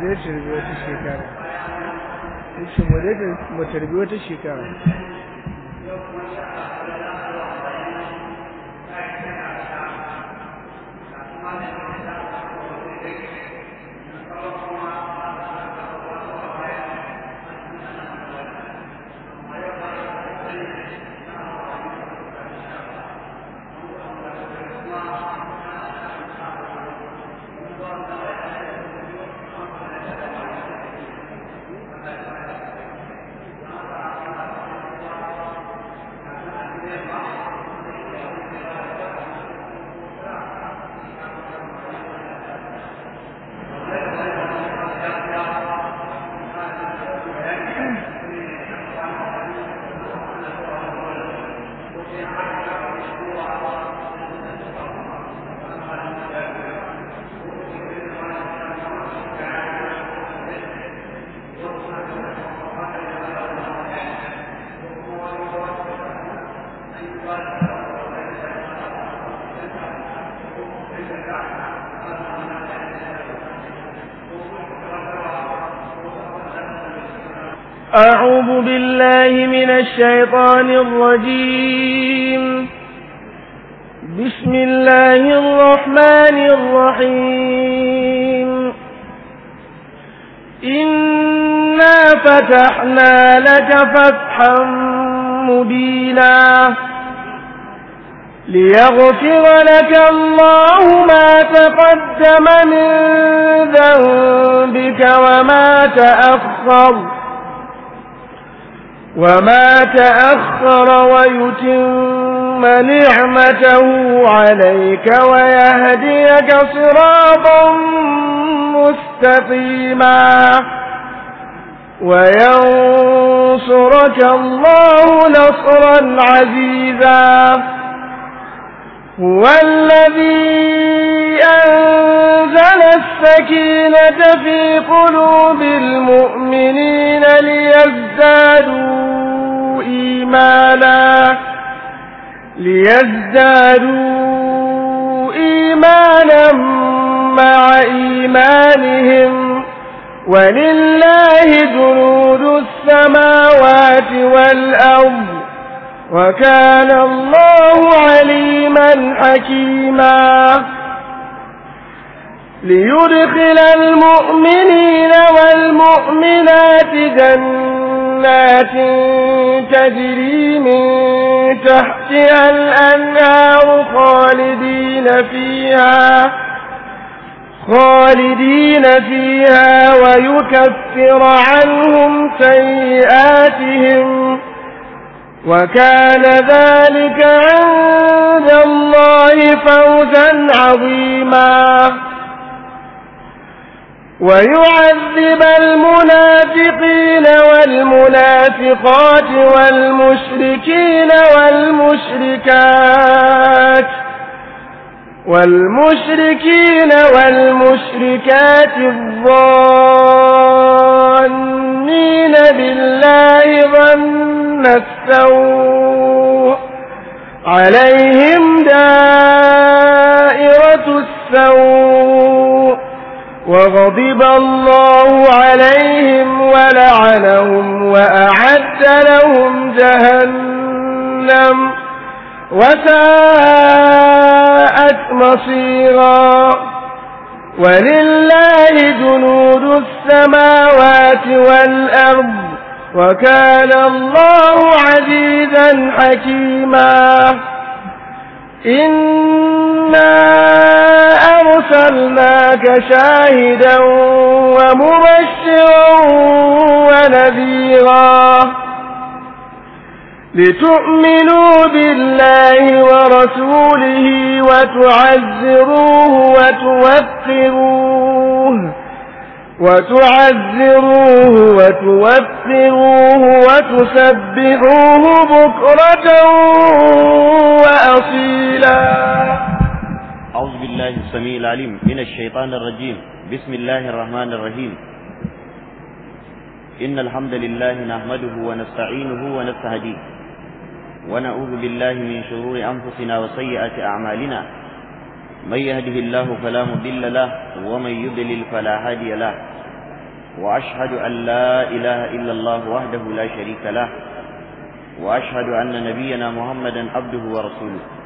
kare tarbi wata shekara yace mu tarbi wata shekara من الشيطان الرجيم بسم الله الرحمن الرحيم إنا فتحنا لك فتحا مبينا ليغفر لك الله ما تقدم من ذنبك وما تأخر وما تأخر ويتم نعمته عليك ويهديك صراطا مستقيما وينصرك الله نصرا عزيزا هو الذي أنزل السكينة في قلوب المؤمنين ليزدادوا إيمانا ليزدادوا إيمانا مع إيمانهم ولله جنود السماوات والأرض وكان الله عليما حكيما ليدخل المؤمنين والمؤمنات جنات جنات تجري من تحتها الأنهار خالدين فيها خالدين فيها ويكفر عنهم سيئاتهم وكان ذلك عند الله فوزا عظيما ويعذب المنافقين والمنافقات والمشركين والمشركات والمشركين والمشركات الظانين بالله ظن السوء عليهم دائرة السوء وغضب الله عليهم ولعنهم وأعد لهم جهنم وساءت مصيرا ولله جنود السماوات والأرض وكان الله عزيزا حكيما إِنَّا أرسلناك شاهدا ومبشرا ونذيرا لتؤمنوا بالله ورسوله وتعزروه وتوفروه وتعزروه وتوفروه وتسبحوه بكرة وأصيلا أعوذ بالله السميع العليم من الشيطان الرجيم بسم الله الرحمن الرحيم إن الحمد لله نحمده ونستعينه ونستهديه ونعوذ بالله من شرور أنفسنا وسيئات أعمالنا من يهده الله فلا مضل له ومن يضلل فلا هادي له وأشهد أن لا إله إلا الله وحده لا شريك له وأشهد أن نبينا محمدا عبده ورسوله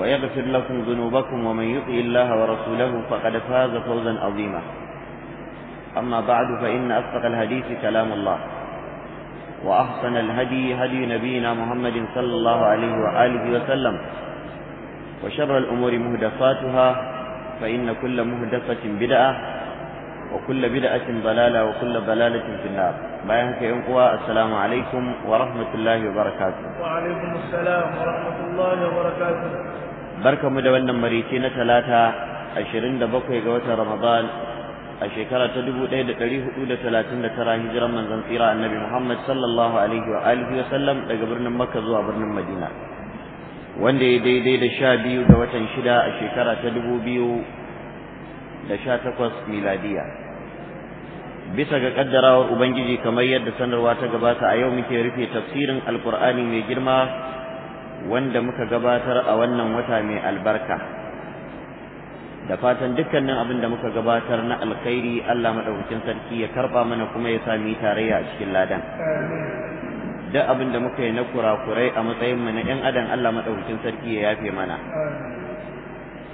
ويغفر لكم ذنوبكم ومن يطع الله ورسوله فقد فاز فوزا عظيما أما بعد فإن أصدق الحديث كلام الله وأحسن الهدي هدي نبينا محمد صلى الله عليه وآله وسلم وشر الأمور مهدفاتها فإن كل مهدفة بدعة وكل بدعة ضلالة وكل ضلالة في النار بايعك يا قوى السلام عليكم ورحمة الله وبركاته وعليكم السلام ورحمة الله وبركاته Barka mu da wannan marice na talata 27 ga watan Ramadan a shekara ta 1439 hijiran manzon tsira annabi Muhammad sallallahu alaihi wa alihi wa sallam daga birnin Makka zuwa birnin Madina wanda ya daidai da sha biyu ga watan shida a shekara ta dubu biyu da sha takwas miladiya bisa ga kaddarawar ubangiji kamar yadda sanarwa ta gabata a yau muke rufe tafsirin alkur'ani mai girma wanda muka gabatar a wannan wata mai albarka da fatan dukkanin abin da muka gabatar na alkhairi Allah madaukakin sarki ya karba mana kuma ya sami tarayya a cikin ladan duk abin da muka yi na kurakurai a matsayin mu na yan adam Allah madaukakin sarki ya yafe mana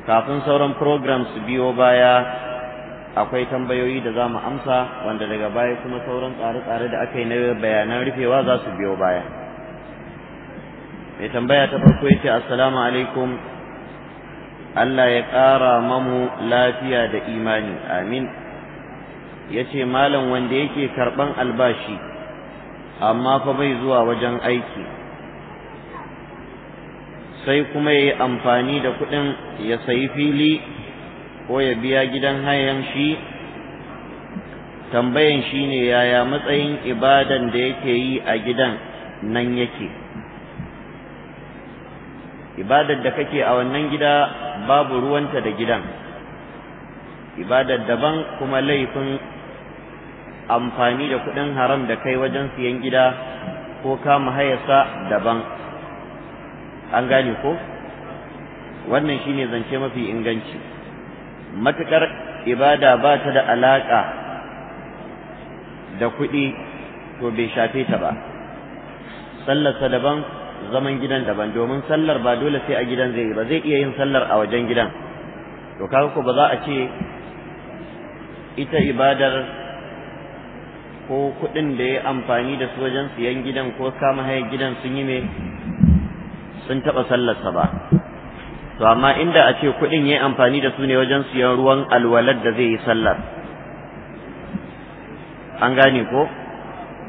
kafin sauran programs biyo baya akwai tambayoyi da za mu amsa wanda daga baya kuma sauran tsare-tsare da aka yi na bayanan rufewa za su biyo baya. mai tambaya ta farko yace assalamu alaikum Allah ya ƙara mamu lafiya da imani amin yace malam wanda yake karɓan albashi amma fa bai zuwa wajen aiki sai kuma ya yi amfani da kuɗin ya sayi fili ko ya biya gidan hayan shi tambayan shi ne yaya matsayin ibadan da yake yi a gidan nan yake ibadar da kake a wannan gida babu ruwanta da gidan ibadar daban kuma laifin amfani da kuɗin haram da kai wajen siyan gida ko kama hayasa daban an gane ko wannan shine zance mafi inganci matuƙar ibada ba ta da alaƙa da kuɗi to bai shafe ta ba sallarsa daban zaman gidan daban domin sallar ba dole sai a gidan zai yi ba zai iya yin sallar a wajen gidan to kaga ko ba za a ce ita ibadar ko kuɗin da ya amfani da su wajen siyan gidan ko kama hayar gidan sun yi me sun taɓa sallarsa ba to amma inda a ce kuɗin ya yi amfani da su ne wajen siyan ruwan alwalar da zai yi sallar an gane ko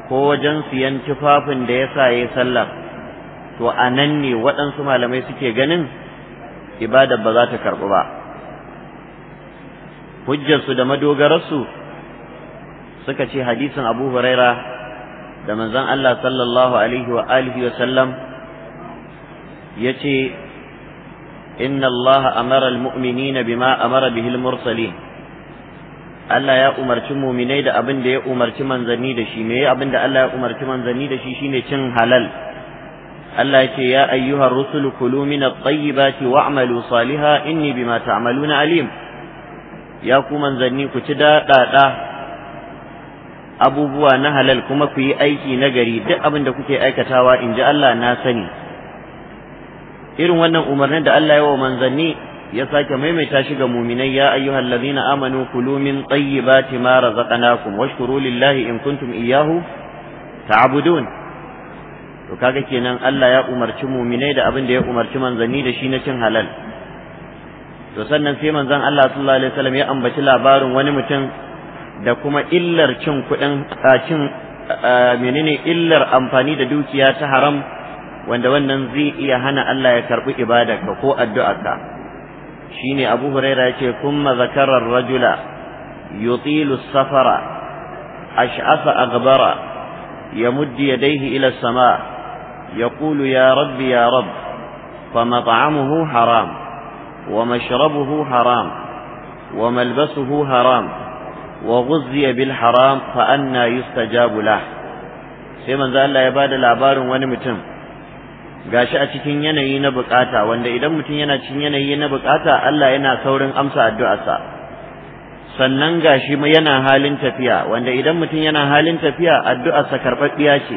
ko wajen siyan tufafin da ya sa ya yi sallar to a nan ne waɗansu malamai suke ganin ibadar ba za ta karɓi ba hujjarsu da madogararsu suka ce hadisin abu huraira da manzon Allah sallallahu alaihi wa alihi wa sallam ya ce inna Allah amara almu'minina bima amara bihi almursalin Allah ya umarci muminai da abin da ya umarci manzanni da shi me abin da Allah ya umarci manzanni da shi shine cin halal Allah ya ce ya ayyuhar rusulu kulu min at-tayyibati wa'malu salihan inni bima ta'maluna alim ya ku manzanni ku ci daɗaɗa abubuwa na halal kuma ku yi aiki na gari duk abin da kuke aikatawa in ji Allah na sani irin wannan umarnin da Allah ya wa manzanni ya sake maimaita shi ga muminai ya ayyuhal ladina amanu kulu min tayyibati ma razaqnakum washkuru lillahi in kuntum iyyahu ta'budun to kaga kenan Allah ya umarci muminai da abin da ya umarci manzanni da shi na cin halal to sannan sai manzon Allah sallallahu alaihi wasallam ya ambaci labarin wani mutum da kuma illar cin kuɗin cin menene illar amfani da dukiya ta haram wanda wannan zai iya hana Allah ya karɓi ibadarka ko addu'arka shine Abu Huraira yace kuma zakarar rajula yutilu safara ash'afa aghbara yamuddu yadayhi ila as-sama' يقول يا رب يا رب فمطعمه حرام ومشربه حرام وملبسه حرام وغزي بالحرام فأنا يستجاب له سيما زال الله يباد العبار ونمتم قاش أتكين يني نبك آتا وان إذا متين ينتكين يني نبك آتا ألا ينا ثورن أمسى الدعاء sannan gashi yana halin تفيا wanda idan mutun yana halin tafiya addu'a sakarbabbiya ce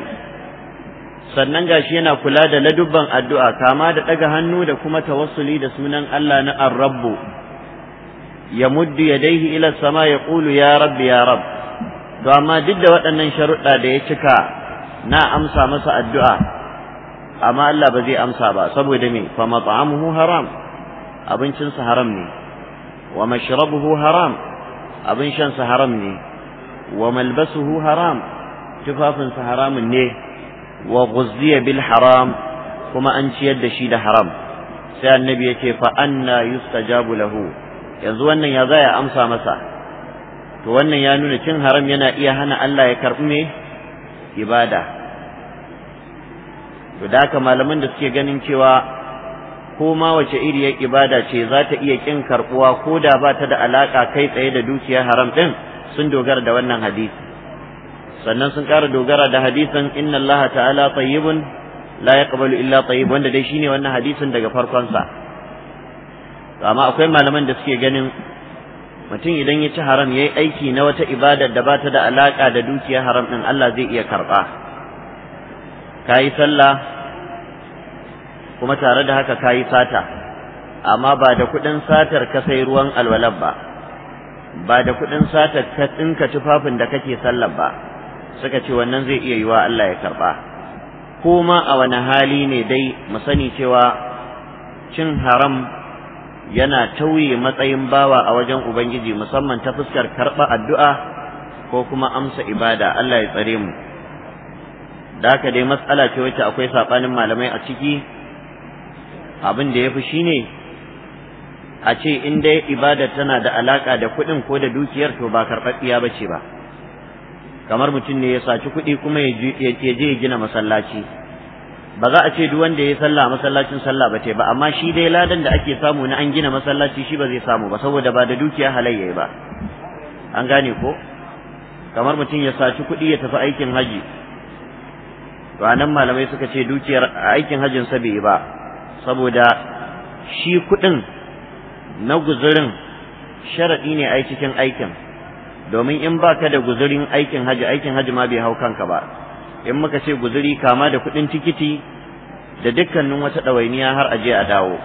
sannan gashi yana kula da ladubban addu'a kama da ɗaga hannu da kuma tawassuli da sunan Allah na ar ya muddu daihi ila sama ya ƙulu ya rabbi ya rab to amma duk da waɗannan sharuɗa da ya cika na amsa masa addu'a amma Allah ba zai amsa ba saboda me fa mat'amuhu haram abincinsa haram ne wa mashrabuhu haram abin haram ne wa malbasuhu haram tufafinsa haramun ne wa ghuzziya bil haram kuma an ciyar da shi da haram sai annabi ya ce fa anna yustajabu lahu yanzu wannan ya zaya amsa masa to wannan ya nuna cin haram yana iya hana Allah ya karbi me ibada to da haka malaman da suke ganin cewa ko ma wace iriyar ibada ce za ta iya kin karbuwa ko da ba ta da alaka kai tsaye da dukiyar haram din sun dogara da wannan hadisi sannan sun ƙara dogara da hadisin inna allaha ta'ala tayyibun la yaqbalu illa tayyib wanda dai shine wannan hadisin daga farkon sa amma akwai malaman da suke ganin mutum idan ya ci haram yayi aiki na wata ibada da ba ta da alaka da dukiyar haram din Allah zai iya karba kayi sallah kuma tare da haka kayi sata amma ba da kuɗin satar ka sai ruwan alwalar ba ba da kuɗin satar ka tsinka tufafin da kake sallar ba suka ce wannan zai iya yiwa Allah ya karba ko ma a wani hali ne dai mu sani cewa cin haram yana tauye matsayin bawa a wajen ubangiji musamman ta fuskar karɓa addu'a ko kuma amsa ibada Allah ya tsare mu da haka dai matsala ce wacce akwai saɓanin malamai a ciki abin da ya fi shi a ce in dai ibada tana da alaƙa da kuɗin ko da dukiyar to ba karɓaɓɓiya ba ce ba kamar mutum ne ya saci kuɗi kuma ya je ya gina masallaci ba za a ce duk wanda ya sallah masallacin sallah ba ta ba amma shi dai ladan da ake samu na an gina masallaci shi ba zai samu ba saboda ba da dukiya halayya ba an gane ko kamar mutum ya saci kuɗi ya tafi aikin haji anan malamai suka ce dukiyar aikin hajjin sa bai ba saboda shi kuɗin na guzurin sharaɗi ne a cikin aikin domin in ba ka da guzurin aikin haji aikin haji ma bai hau kanka ba in muka ce guzuri kama da kuɗin tikiti da dukkanin wata ɗawainiya har a je a dawo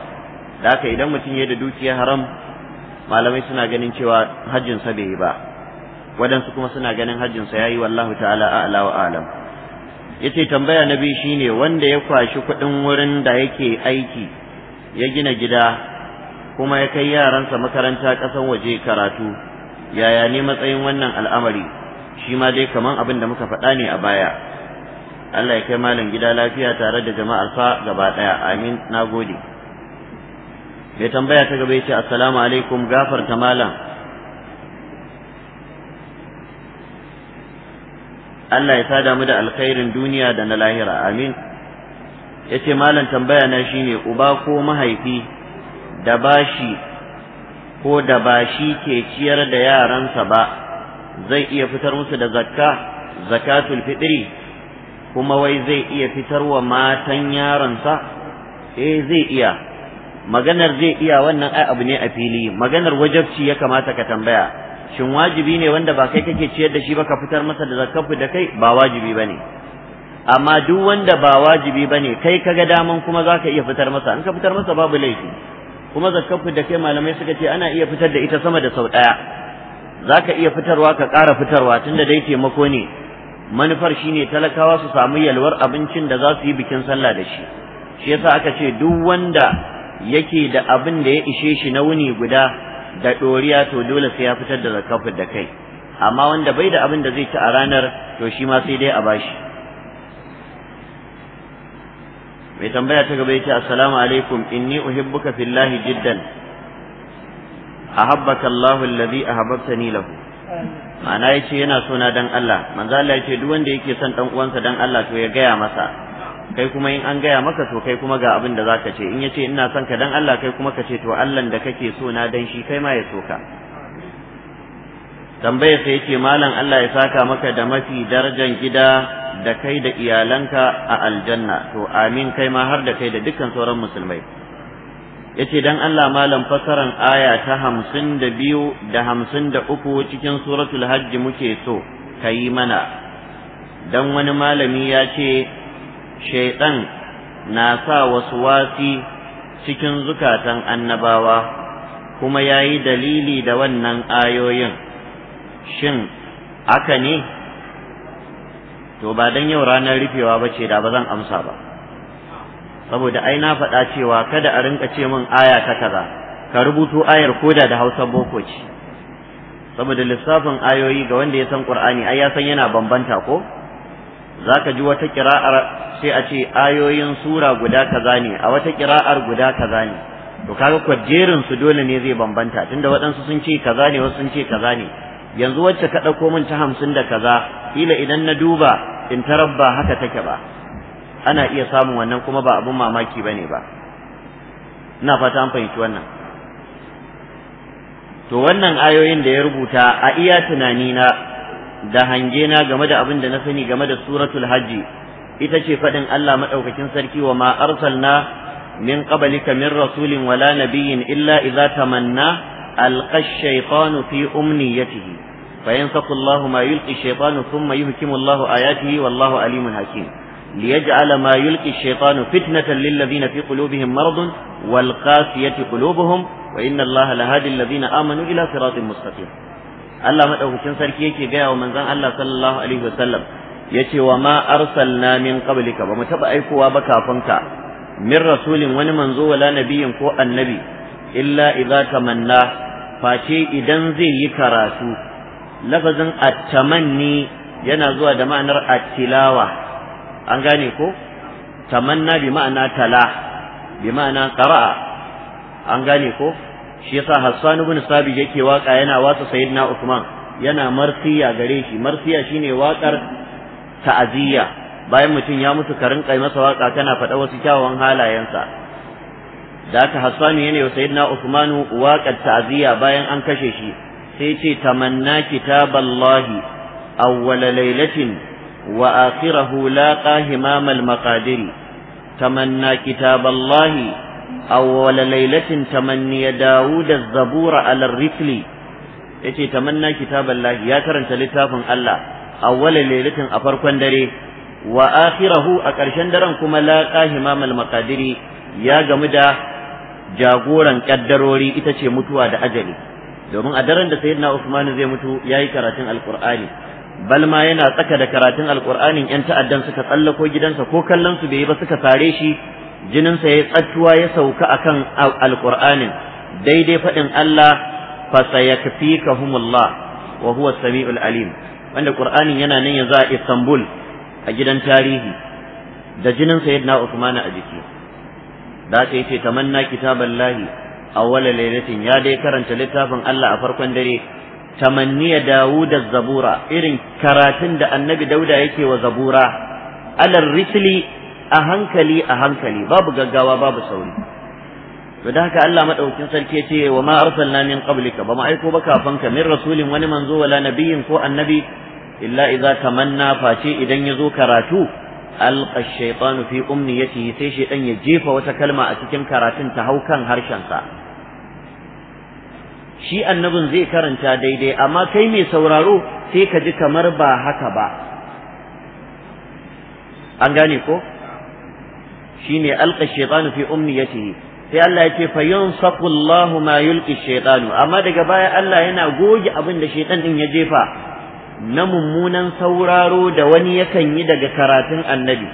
da haka idan mutum ya da dukiya haram malamai suna ganin cewa hajjinsa bai yi ba waɗansu kuma suna ganin hajjinsa ya yi wallahu ta'ala a'la wa alam ya ce tambaya na biyu shine wanda ya kwashi kuɗin wurin da yake aiki ya gina gida kuma ya kai yaransa makaranta ƙasan waje karatu yaya ne matsayin wannan al'amari shi ma dai kaman abin da muka faɗa ne a baya Allah ya kai malam gida lafiya tare da jama'ar sa gaba ɗaya amin nagode mai tambaya ta gaba yace assalamu alaikum gafarta malam Allah ya sada mu da alkhairin duniya da na lahira amin yace malam tambaya na shine uba ko mahaifi da bashi ko da ba shi ke ciyar da yaransa ba zai iya fitar musu da zakka zakatul fitri kuma wai zai iya fitar wa matan yaransa eh zai iya maganar zai iya wannan ai abu ne a fili maganar wajabci ya kamata ka tambaya shin wajibi ne wanda ba kai kake ciyar da shi ba ka fitar masa da zakka da kai ba wajibi bane amma duk wanda ba wajibi bane kai kaga daman kuma zaka iya fitar masa in ka fitar masa babu laifi kuma zakar da kai malamai suka ce ana iya fitar da ita sama da sau ɗaya za ka iya fitarwa ka ƙara fitarwa tun da dai taimako ne manufar shine talakawa su samu yalwar abincin da za su yi bikin sallah da shi shi yasa aka ce duk wanda yake da abin da ya ishe shi na wuni guda da ɗoriya to dole sai ya fitar da zakar da kai amma wanda bai da abin da zai ci a ranar to shi ma sai dai a bashi mai tambaya ta gaba yace assalamu alaikum inni uhibbuka fillahi jiddan ahabbaka Allah alladhi ahabbtani lahu ma'ana yace yana so na dan Allah manzo Allah yace duk wanda yake son dan uwansa dan Allah to ya gaya masa kai kuma in an gaya maka to kai kuma ga abin da zaka ce in yace ina son ka dan Allah kai kuma ka ce to Allah da kake so na dan shi kai ma ya so ka tambayar sai yake malam Allah ya saka maka da mafi darajar gida da kai da iyalanka a aljanna to amin kai ma har da kai da dukkan sauran musulmai yace dan Allah malam fasaran aya ta hamsin da biyu hamsin da uku cikin suratul hajji muke so ka mana dan wani malami ya ce shaiɗan na sa wasu wasi cikin zukatan annabawa kuma yayi dalili da wannan ayoyin shin aka ne to ba dan yau ranar rufewa ba ce da ba amsa ba saboda ai na faɗa cewa kada a rinka ce min aya ta kaza ka rubuto ayar koda da Hausa boko ce saboda lissafin ayoyi ga wanda ya san Qur'ani ai ya san yana bambanta ko zaka ji wata kira'ar sai a ce ayoyin sura guda kaza ne a wata kira'ar guda kaza ne to kaga kwajerin su dole ne zai bambanta tunda waɗansu sun ce kaza ne wasu sun ce kaza ne yanzu wacce ka ɗauko min ta hamsin da kaza kila idan na duba in tarar ba haka take ba ana iya samun wannan kuma ba abun mamaki ba ne ba ina fata an fahimci wannan to wannan ayoyin da ya rubuta a iya tunanina da hange na game da abin da na sani game da suratul hajji ita ce faɗin Allah maɗaukakin sarki wa ma arsalna min qablika min rasulin wala nabiyyin illa idza tamanna alqa ash-shaytanu fi umniyatihi فينسخ الله ما يلقي الشيطان ثم يهكم الله آياته والله عليم حكيم ليجعل ما يلقي الشيطان فتنة للذين في قلوبهم مرض والقاسية قلوبهم وإن الله لهادي الذين آمنوا إلى صراط مستقيم Allah madaukakin sarki yake gaya wa manzon Allah sallallahu alaihi wasallam yace wa ma arsalna min qablika ba mu taba aikowa ba kafin ka min rasulin wani manzo wala nabiyin ko annabi illa idza manna face idan zai yi karatu lafazin atamanni yana zuwa da ma'anar at-tilawa an gane ko tamanna bi ma'ana tala bi ma'ana qara'a an gane ko shi yasa Hassan ibn Sabi yake waka yana wasa sayyidina Usman, yana marsiya gare shi marsiya shine wakar ta'aziyya bayan mutum ya mutu ka rinka masa waka kana faɗa wasu kyawawan halayensa da aka hasanu yana wa sayyidina usmanu waƙar ta'aziyya bayan an kashe shi sai ce tamanna kitaballahi awwala lailatin wa akhirahu laqa himamal maqadiri tamanna kitaballahi awwala lailatin tamanniya dawud az-zabura ala ar-rifli yace tamanna kitaballahi ya karanta littafin Allah awwala lailatin a farkon dare wa akhirahu a ƙarshen daren kuma laqa himamal maqadiri ya gamu da jagoran kaddarori ita ce mutuwa da ajali domin a daren da sayyidina Usman zai mutu yayi karatun alqur'ani bal ma yana tsaka da karatun alqur'anin yan ta'addan suka tsallako gidansa ko kallon su bai yi ba suka sare shi jinin sa ya tsattuwa ya sauka akan alqur'anin daidai fadin Allah fa sayakfikahumullah wa huwa samiul alim wanda qur'anin yana nan yanzu a Istanbul a gidan tarihi da jinin sayyidina Usman a jiki da ta yace tamanna kitaballahi awwala lailatin ya dai karanta littafin Allah a farkon dare tamanniya da zabura irin karatun da Annabi Dauda yake wa zabura alal risli a hankali a hankali babu gaggawa babu sauri to da haka Allah maɗaukin sarki yace wa ma arsalna min qablika ba mu aiko ba kafin ka min rasulin wani manzo wala nabiyin ko annabi illa idza tamanna face idan ya zo karatu alqa ash-shaytanu fi umniyatihi sai shaytan ya jefa wata kalma a cikin karatun ta haukan harshen sa shi annabin zai karanta daidai amma kai mai sauraro sai ka ji kamar ba haka ba an gane ko shine alqa shaytanu fi umniyatihi sai Allah ya ce fa yansaqu Allahu ma yulqi shaytanu amma daga baya Allah yana goge abin da shaytan din ya jefa na mummunan sauraro da wani yakan yi daga karatun annabi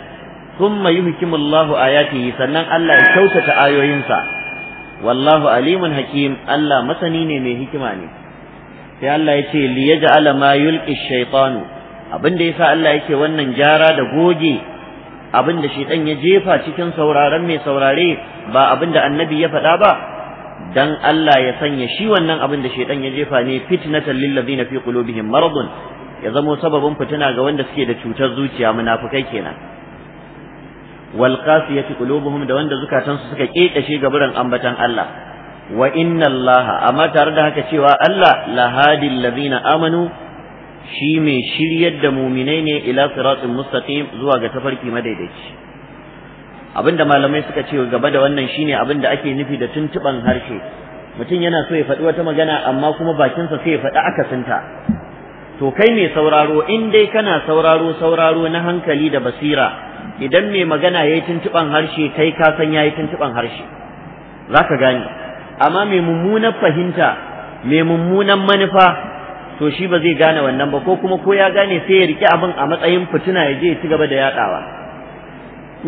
thumma yuhkimu Allahu ayatihi sannan Allah ya kyautata ayoyinsa wallahu alimun hakim Allah masani ne mai hikima ne sai Allah ya ce li yaj'ala ma yulqi shaytanu abinda yasa Allah yake wannan jara da goge abinda shaytan ya jefa cikin sauraron mai saurare ba da annabi ya faɗa ba dan Allah ya sanya shi wannan abin da shaytan ya jefa ne fitnatan lil ladina fi qulubihim maradun ya zamo sababin fitina ga wanda suke da cutar zuciya munafukai kenan wal qasiyati qulubuhum da wanda su suka ga buran ambatan Allah wa inna Allah amma tare da haka cewa Allah lahadil ladina amanu shi mai shiryar da muminai ne ila siratin mustaqim zuwa ga tafarki madaidaici abinda malamai suka ce gaba da wannan shine abinda ake nufi da tuntuban harshe mutum yana so ya faɗi wata magana amma kuma bakinsa sai ya faɗi akasinta to kai mai sauraro in dai kana sauraro sauraro na hankali da basira idan mai magana yayi tuntuban harshe kai ka san yayi tuntuban harshe zaka gane amma mai mummunan fahimta mai mummunan manufa to shi ba zai gane wannan ba ko kuma ko ya gane sai ya rike abin a matsayin fituna ya je ya ci gaba da yadawa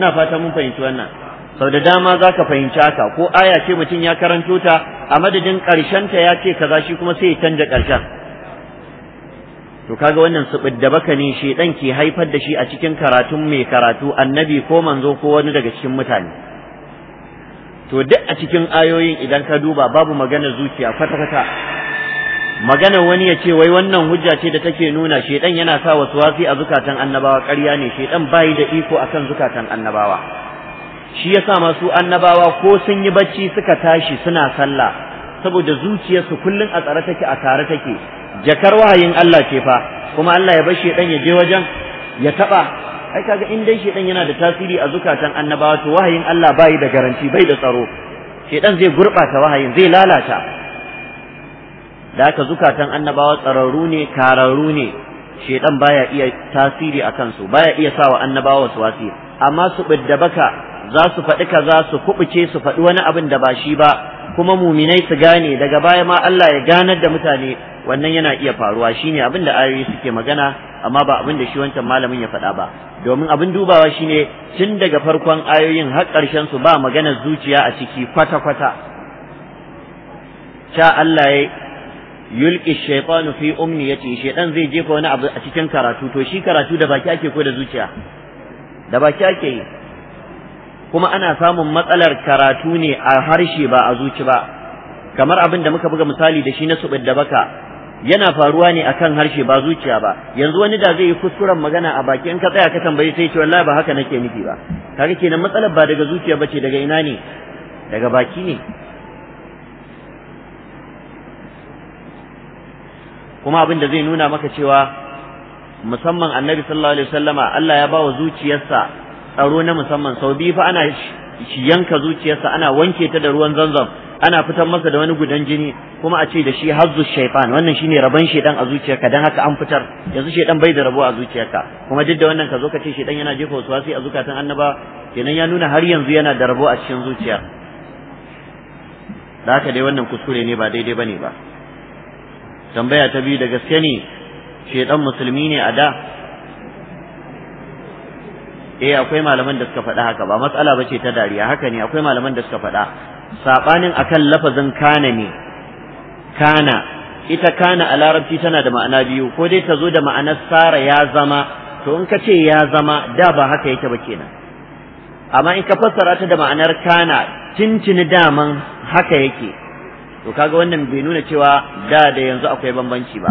ina fata mun fahimci wannan sau da dama zaka fahimci haka ko aya ce mutum ya karanto ta a madadin ƙarshen ta ya ce kaza shi kuma sai ya canja ƙarshen to kaga wannan subidda baka ne dan ke haifar da shi a cikin karatun mai karatu annabi ko manzo ko wani daga cikin mutane to duk a cikin ayoyin idan ka duba babu magana zuciya kwata kwata magana wani ya ce wai wannan hujja ce da take nuna shedan yana sa wasu wasi a zukatan annabawa ƙarya ne shedan bayi da iko akan zukatan annabawa shi yasa masu annabawa ko sun yi bacci suka tashi suna sallah saboda zuciyarsu kullum a tsare take a tare take jakar wahayin Allah ce fa kuma Allah ya bar shedan ya je wajen ya taba ai kaga in dai shedan yana da tasiri a zukatan annabawa to wahayin Allah bai da garanti bai da tsaro shedan zai gurbata wahayin zai lalata da haka zukatan annabawa tsararru ne kararru ne shedan baya iya tasiri a kansu, baya iya sawa annabawa su wasi. amma su bidda baka za su faɗi kaza su kubuce su faɗi wani abin da ba shi ba kuma muminai su gane daga baya ma Allah ya ganar da mutane wannan yana iya faruwa shine abin da ayoyi suke magana amma ba abin da shi wancan malamin ya faɗa ba domin abin dubawa shine tun daga farkon ayoyin har ƙarshen su ba magana zuciya a ciki kwata kwata sha Allah ya yulki shaytanu fi umniyati shaytan zai jefa wani abu a cikin karatu to shi karatu da baki ake ko da zuciya da baki ake kuma ana samun matsalar karatu ne a harshe ba a zuci ba kamar abin da muka buga misali da shi na subid da baka yana faruwa ne akan harshe ba zuciya ba yanzu wani da zai yi kuskuren magana a baki in ka tsaya ka tambaye sai ce wallahi ba haka nake nufi ba kaga kenan matsalar ba daga zuciya bace daga ina ne daga baki ne kuma abin da zai nuna maka cewa musamman annabi sallallahu alaihi wasallama Allah ya ba wa zuciyarsa tsaro na musamman sau biyu fa ana yanka zuciyarsa ana wanke ta da ruwan zanzam ana fitar masa da wani gudan jini kuma a ce da shi hazzu shaitan wannan shine raban shedan a zuciyarka dan haka an fitar yanzu shedan bai da rabo a zuciyarka kuma duk da wannan ka zo ka ce shedan yana jefa wasi a zukatan annaba kenan ya nuna har yanzu yana da rabo a cikin zuciya da haka dai wannan kuskure ne ba daidai bane ba tambaya ta biyu da gaske ne shedan musulmi ne a da eh akwai malaman da suka faɗa haka ba matsala bace ta dariya haka ne akwai malaman da suka faɗa sabanin akan lafazin kana ne kana ita kana a larabci tana da ma'ana biyu ko dai ta zo da ma'anar sara ya zama to in ka ce ya zama da ba haka yake ba kenan amma in ka fassara ta da ma'anar kana cincini daman haka yake to kaga wannan bai nuna cewa da da yanzu akwai bambanci ba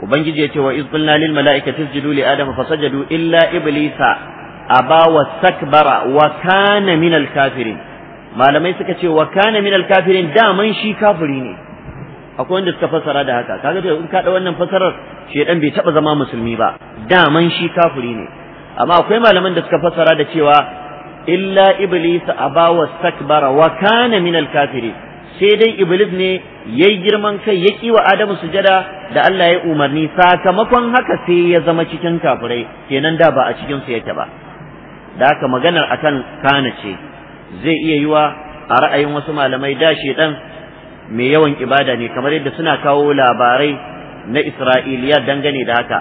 ubangiji ya ce wa iz qulna lil mala'ikati isjudu li adama fasajadu illa iblisa aba wastakbara wa kana min malamai suka ce wa kana min da man shi kafiri ne akwai wanda suka fasara da haka kaga da in ka da wannan fasarar shedan bai taba zama musulmi ba man shi kafiri ne amma akwai malaman da suka fasara da cewa illa iblis aba wastakbara wa kana min sai dai iblis ne yayi girman kai ya wa adamu sujada da Allah ya umarni sakamakon haka sai ya zama cikin kafirai kenan da ba a cikin su yake ba da haka maganar akan kana ce zai iya yiwa a ra'ayin wasu malamai da dan mai yawan ibada ne kamar yadda suna kawo labarai na Isra'iliya dangane da haka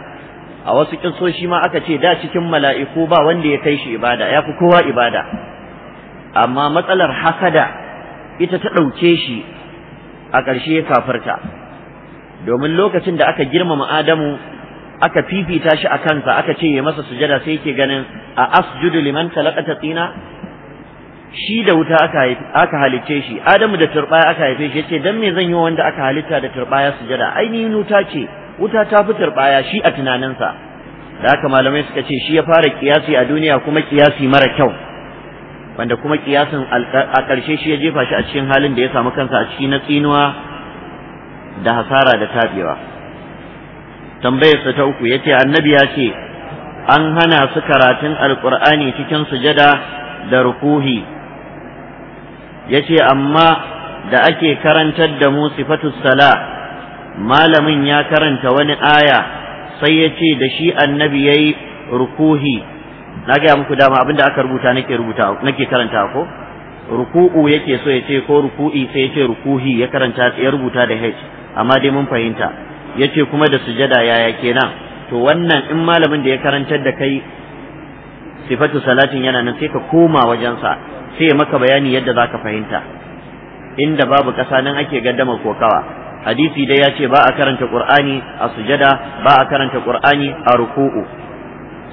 a wasu kisoshi ma aka ce da cikin mala'iku ba wanda ya kai shi ibada ya fi kowa ibada amma matsalar hasada ita ta ɗauke shi a ƙarshe ya kafarta domin lokacin da aka girmama Adamu aka fifita shi a kansa aka ce ya masa sujada sai yake ganin a asjudu liman talaqata tsina shi da wuta aka aka halicce shi adamu da turbaya aka haife shi yace dan me zan yi wanda aka halitta da turbaya sujada ainihin wuta ce wuta ta fi turbaya shi a tunaninsa da haka malamai suka ce shi ya fara kiyasi a duniya kuma kiyasi mara kyau wanda kuma kiyasin a ƙarshe shi ya jefa shi a cikin halin da ya samu kansa a ciki na tsinuwa da hasara da tabewa tambayarsa ta uku yace annabi ya ce an hana su karatun alqur'ani cikin sujada da rukuhi yace amma da ake karantar da mu sifatu sala malamin ya karanta wani aya sai yace da shi annabi yayi rukuhi na gaya muku dama abinda aka rubuta nake rubuta nake karanta ko ruku'u yake so yace ko ruku'i sai ya ce rukuhi ya karanta ya rubuta da h amma dai mun fahimta yace kuma da sujada yaya kenan to wannan in malamin da ya karantar da kai sifatu salatin yana nan sai ka koma wajen sa sai maka bayani yadda zaka fahimta inda babu ƙasa nan ake gaddama kokawa hadisi dai ya ce ba a karanta qur'ani a sujada ba a karanta qur'ani a ruku'u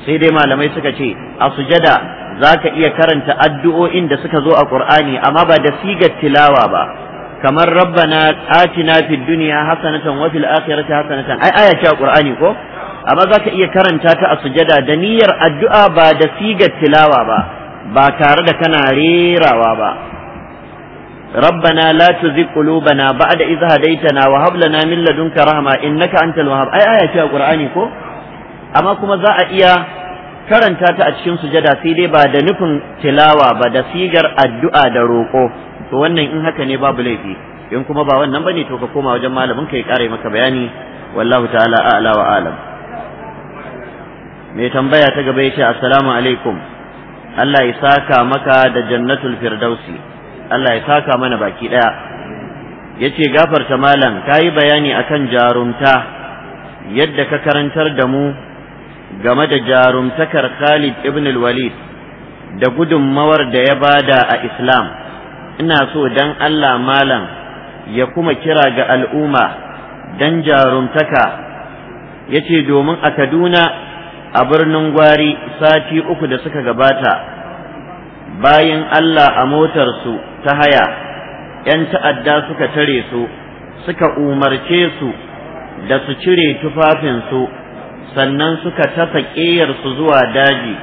sai dai malamai suka ce a sujada zaka iya karanta addu'o'in da suka zo a qur'ani amma ba da sigar tilawa ba kamar rabbana atina fid dunya hasanatan wa fil akhirati hasanatan ai aya ce ko amma zaka iya karanta ta a sujada da niyyar addu'a ba da sigar tilawa ba ba tare da kana rerawa ba rabbana la tuzigh qulubana ba'da idh hadaytana wa hab lana min ladunka rahma innaka antal wahhab ai aya ce ko amma kuma za a iya karanta ta a cikin sujada sai dai ba da nufin tilawa ba da sigar addu'a da roƙo to wannan in haka ne babu laifi in kuma ba wannan bane to ka koma wajen malamin ka ya kare maka bayani wallahu ta'ala a'la wa alam mai tambaya ta gaba yace assalamu alaikum Allah ya saka maka da jannatul firdausi Allah ya saka mana baki daya yace gafarta malam kayi bayani akan jarumta yadda ka karantar da mu game da jarumtakar Khalid ibn al-Walid da gudunmawar da ya bada a Islam ina so dan Allah malam ya kuma kira ga al'umma dan jarumtaka yace domin a Kaduna a birnin Gwari sati uku da suka gabata bayan Allah a motarsu ta haya ‘yan ta'adda suka tare su suka umarce su da su cire tufafinsu sannan suka tafa ƙeyarsu zuwa daji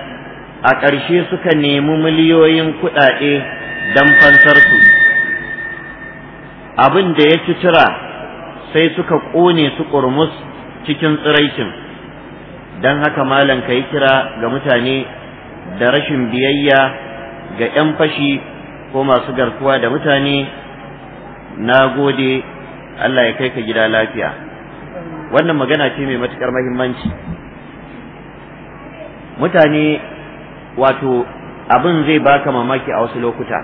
a ƙarshe suka nemi miliyoyin kuɗaɗe dan fansarsu, su abin da ya ci sai suka ƙone su ƙurmus cikin tsiraicin don haka malam ka yi kira ga mutane da rashin biyayya ga 'yan fashi ko masu garkuwa da mutane na gode Allah ya kai ka gida lafiya wannan magana ce mai matuƙar mahimmanci mutane wato abin zai baka mamaki a wasu lokuta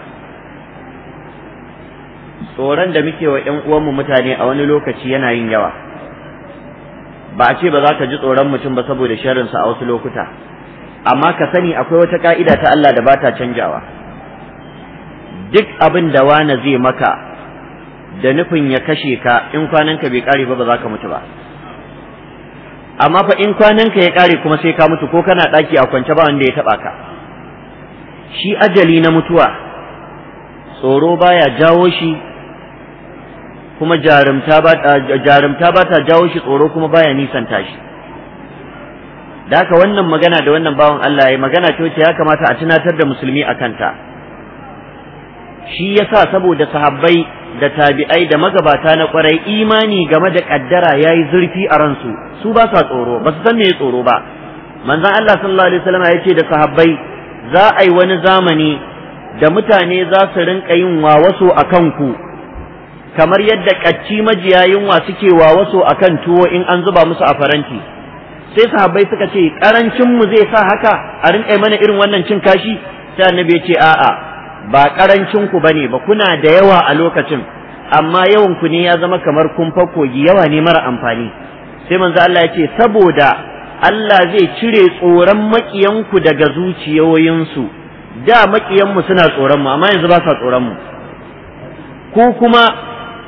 tsoron da muke wa yan uwanmu mutane a wani lokaci yana yin yawa ba a ce ba za ka ji tsoron mutum ba saboda sharinsa a wasu lokuta amma ka sani akwai wata ka'ida ta Allah da bata canjawa duk abin da wani zai maka da nufin ya kashe ka in kwananka bai kare ba ba za ka mutu ba amma fa in kwananka ya kare kuma sai ka mutu ko kana daki a kwance ba wanda ya taba ka shi ajali na mutuwa tsoro baya jawo shi kuma jarumta ba ta jawo shi tsoro kuma baya nisan tashi. da haka wannan magana da wannan bawan Allah ya magana ce ya kamata a tunatar da musulmi a kanta shi ya sa saboda sahabbai da tabi'ai da magabata na kwarai imani game da kaddara yi zurfi a ransu su ba sa tsoro ba su san me tsoro ba manzan Allah sallallahu alaihi wasallam ya ce da sahabbai za a yi wani zamani da mutane za su rinka yin wawaso a kanku kamar yadda ƙacci majiya yunwa suke wawaso a kan tuwo in an zuba musu a faranti sai sahabbai suka ce ƙarancinmu zai sa haka a rinka mana irin wannan cin kashi sai annabi ya ce a'a ba ƙarancinku ba ne ba kuna da yawa a lokacin amma yawanku ne ya zama kamar kumfa kogi yawa ne mara amfani sai manzo Allah ya ce saboda Allah zai cire tsoron maƙiyanku daga zuciyoyinsu da maƙiyanmu suna tsoron mu amma yanzu ba sa tsoron mu ko kuma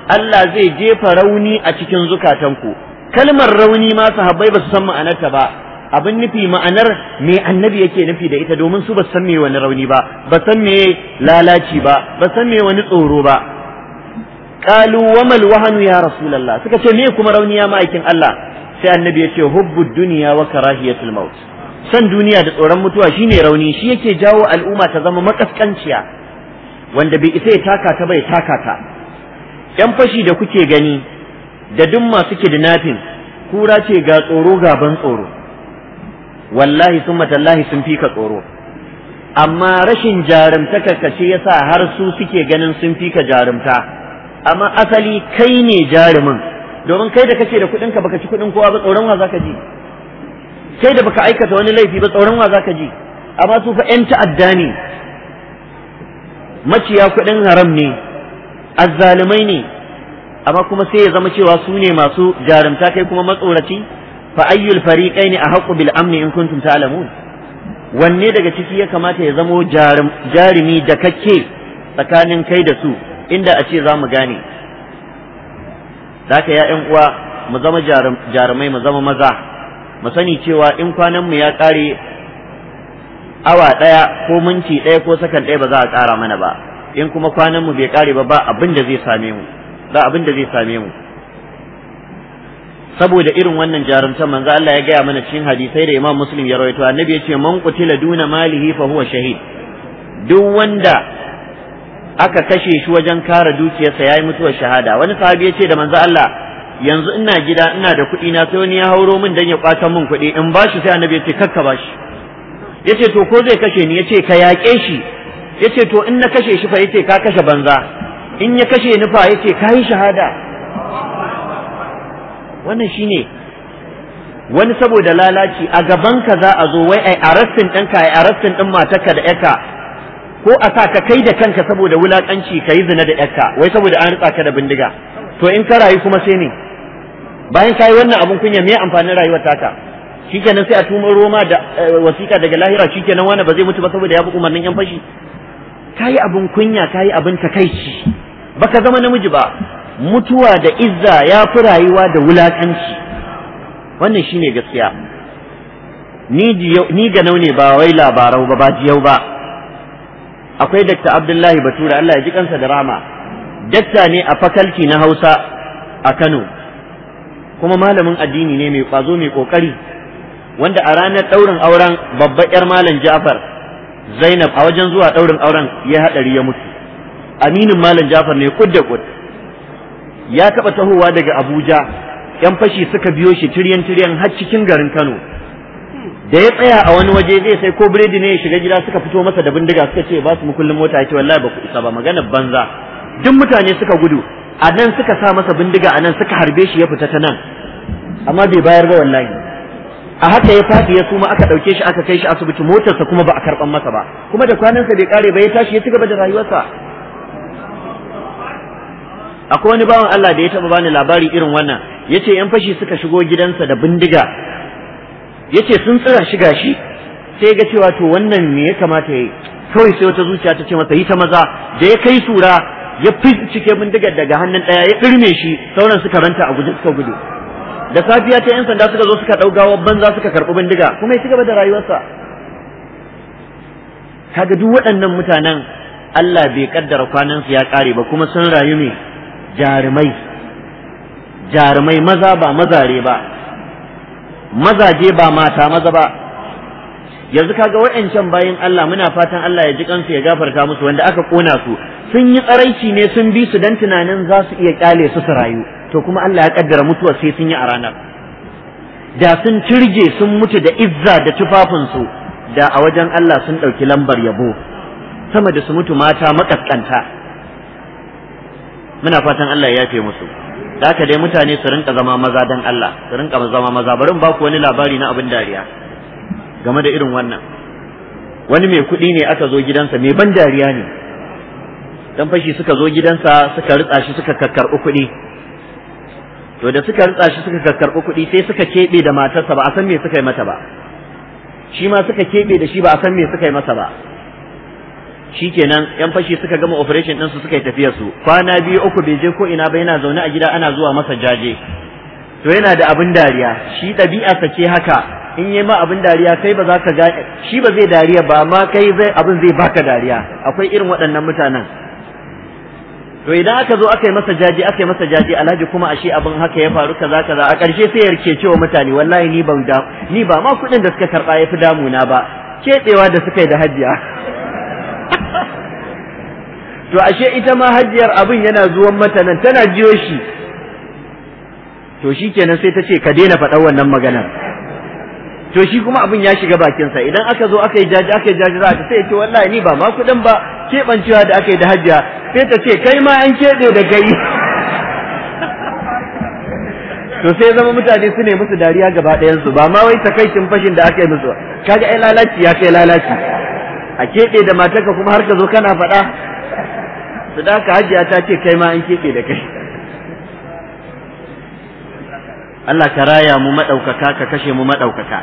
Allah zai jefa rauni a cikin zukatanku kalmar rauni ma sahabbai ba su san ma'anarta ba abin nufi ma'anar me annabi yake nufi da ita domin su ba san me wani rauni ba ba san me lalaci ba ba san me wani tsoro ba qalu wamal wahanu ya rasulullah suka ce me kuma rauni ya ma'aikin Allah sai annabi ya ce hubbu duniya wa karahiyatul maut san duniya da tsoron mutuwa shine rauni shi yake jawo al'umma ta zama makaskanciya wanda bai isa ya taka ta bai taka ta yan fashi da kuke gani da duk masu kidnapping kura ce ga tsoro ga ban tsoro wallahi summa tallahi sun fika tsoro amma rashin jarumta kace yasa har su suke ganin sun fika jarumta amma asali kai ne jarumin domin kai da kake da kuɗin ka baka ci kuɗin kowa ba tsoron wa zaka ji kai da baka aikata wani laifi ba tsoron wa zaka ji amma su fa ƴan ta'adda ne maciya kuɗin haram ne azzalumai ne amma kuma sai ya zama cewa su ne masu jarumta kai kuma matsoraci fa ayyul fariqaini ahqqu bil amni in kuntum ta'lamun wanne daga ciki ya kamata ya zamo jarumi da kake tsakanin kai da su inda a ce za mu gane da ya yan uwa mu zama jarumai mu zama maza mu sani cewa in kwanan ya ƙare awa ɗaya ko minti ɗaya ko sakan ɗaya ba za a ƙara mana ba in kuma kwanan bai ƙare ba ba abin da zai same mu ba abin da zai same mu saboda irin wannan jarumta manzo Allah ya gaya mana cikin hadisai da Imam Muslim ya rawaito annabi ya ce man qutila duna malihi fa huwa shahid duk wanda aka kashe shi wajen kare dukiyarsa yayi mutuwar shahada wani sahabi ya ce da manzo Allah yanzu ina gida ina da kuɗi na sai wani ya hauro min dan ya kwata min kuɗi in bashi sai annabi ya ce kakka Ya ce to ko zai kashe ni ya ce ka yaƙe shi Ya ce to in na kashe shi fa ya ce ka kashe banza in ya kashe ni fa ya ce ka yi shahada wannan shine wani saboda lalaci a gaban ka za a zo wai ai arrestin ɗinka ai arrestin ɗin matarka da yarka ko a sa ka kai da kanka saboda wulakanci ka yi zina da yarka wai saboda an rutsa ka da bindiga to in ka rayu kuma sai ne bayan ka yi wannan abun kunya me amfanin rayuwar taka shikenan sai a tumo roma da eh, wasiƙa daga lahira shikenan wani ba zai mutu ba saboda ya bi umarnin yan fashi ka yi abun kunya ka yi abun takaici baka zama namiji ba mutuwa da izza ya fi rayuwa da wulakanci wannan shine gaskiya ni ga nau ba wai labarau ba ba jiyau ba akwai Dr. Abdullahi Bature Allah ya ji kansa da rama dakta ne a fakalti na Hausa a Kano kuma malamin addini ne mai kwazo mai kokari wanda a ranar ɗaurin auren babbar 'yar malam Ja'far Zainab a wajen zuwa ɗaurin auren ya haɗari ya mutu aminin malam Ja'far ne kud da kud ya taɓa tahowa daga Abuja 'yan fashi suka biyo shi tiryan tiryan har cikin garin Kano da ya tsaya a wani waje zai sai ko biredi ne ya shiga gida suka fito masa da bindiga suka ce ba su kullum mota yake wallahi ba ku isa ba magana banza duk mutane suka gudu a nan suka sa masa bindiga a nan suka harbe shi ya fita ta nan amma bai bayar ba wallahi a haka ya fadi ya suma aka ɗauke shi aka kai shi asibiti motarsa kuma ba a karban masa ba kuma da kwanansa bai kare ba ya tashi ya ci gaba da rayuwarsa akwai wani bawan Allah da ya taba bani labari irin wannan yace yan fashi suka shigo gidansa da bindiga yace sun tsira shi gashi sai ga cewa to wannan me ya kamata yi? kawai sai wata zuciya ta ce masa yi ta maza da ya kai sura ya cike bindigar daga hannun daya ya kirme shi sauran suka ranta a guje suka gudu da safiya ta yan sanda suka zo suka ɗaugawa banza suka karbi bindiga kuma ya ci gaba da rayuwarsa kaga duk waɗannan mutanen Allah bai kaddara su ya kare ba kuma sun rayu ne jarumai jarumai maza ba mazare ba mazaje ba mata maza ba yanzu kaga wa'ancan bayin Allah muna fatan Allah ya ji kansu ya gafarta musu wanda aka kona su sun yi tsaraici ne sun bi su dan tunanin za su iya kyale su su rayu to kuma Allah ya kaddara mutuwa sai sun yi a ranar da sun cirje sun mutu da izza da tufafinsu. da a wajen Allah sun ɗauki lambar yabo sama da su mutu mata makaskanta muna fatan Allah ya yafe musu haka dai mutane su rinka zama maza dan Allah su rinka zama maza bari ba ku wani labari na abin dariya game da irin wannan wani mai kuɗi ne aka zo gidansa mai ban dariya ne dan fashi suka zo gidansa suka ritsa shi suka kakkar kuɗi to da suka ritsa shi suka kakkar kuɗi sai suka keɓe da matarsa ba a san me suka yi mata ba shi ma suka keɓe da shi ba a san me suka yi masa ba shikenan yan fashi suka gama operation din su suka yi tafiyar su kwana biyu uku bai je ko ina ba yana zaune a gida ana zuwa masa jaje to yana da abin dariya shi ɗabi'a sake haka in yi ma abin dariya kai ba za ka ga shi ba zai dariya ba ma kai zai abin zai baka dariya akwai irin waɗannan mutanen to idan aka zo aka yi masa jaje aka yi masa jaje alhaji kuma ashe abin haka ya faru kaza kaza a ƙarshe sai ya rike cewa mutane wallahi ni ban da ni ba ma kuɗin da suka karɓa ya fi damuna ba keɓewa da suka yi da hajiya to ashe ita ma hajjiyar abin yana zuwan mata nan tana jiyo shi to shi kenan sai ta ce ka daina faɗar wannan maganar to shi kuma abin ya shiga bakinsa idan aka zo aka yi jaji aka yi jaji za ta sai ce wallahi ni ba ma kuɗin ba keɓancewa da aka yi da hajjiya sai ta ce kai ma an keɓe da kai to sai zama mutane su ne musu dariya gaba ɗayansu ba ma wai takaicin fashin da aka yi musu kaga ai lalaci ya kai lalaci a keɓe da matarka kuma har ka zo kana faɗa su da hajiya ta ce kai ma an keɓe da kai Allah ka raya mu maɗaukaka ka kashe mu maɗaukaka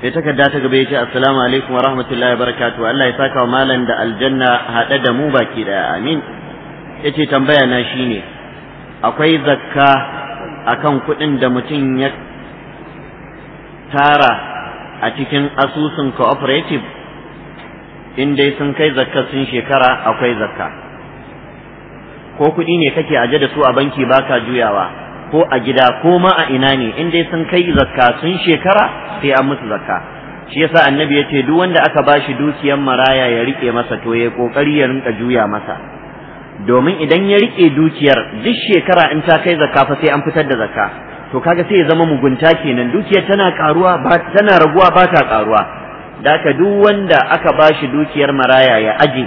sai takarda ta gaba ya ce assalamu alaikum wa rahmatullahi wa barakatu Allah ya saka wa malam da aljanna haɗe da mu baki ɗaya amin Ya ce tambaya na ne. akwai zakka a kan kuɗin da mutum ya tara a cikin asusun cooperative in dai sun kai zakka sun shekara akwai zakka ko kuɗi ne kake aje da su a banki baka juyawa ko a gida ko ma a ina ne in dai sun kai zakka sun shekara sai an musu zakka shi yasa annabi yace duk wanda aka bashi dukiyar maraya ya rike masa to ya kokari ya rinka juya masa domin idan ya rike dukiyar duk shekara in ta kai zakka fa sai an fitar da zakka to kaga sai ya zama mugunta kenan dukiyar tana karuwa ba tana raguwa ba ta karuwa daka duk wanda aka ba shi dukiyar maraya ya aje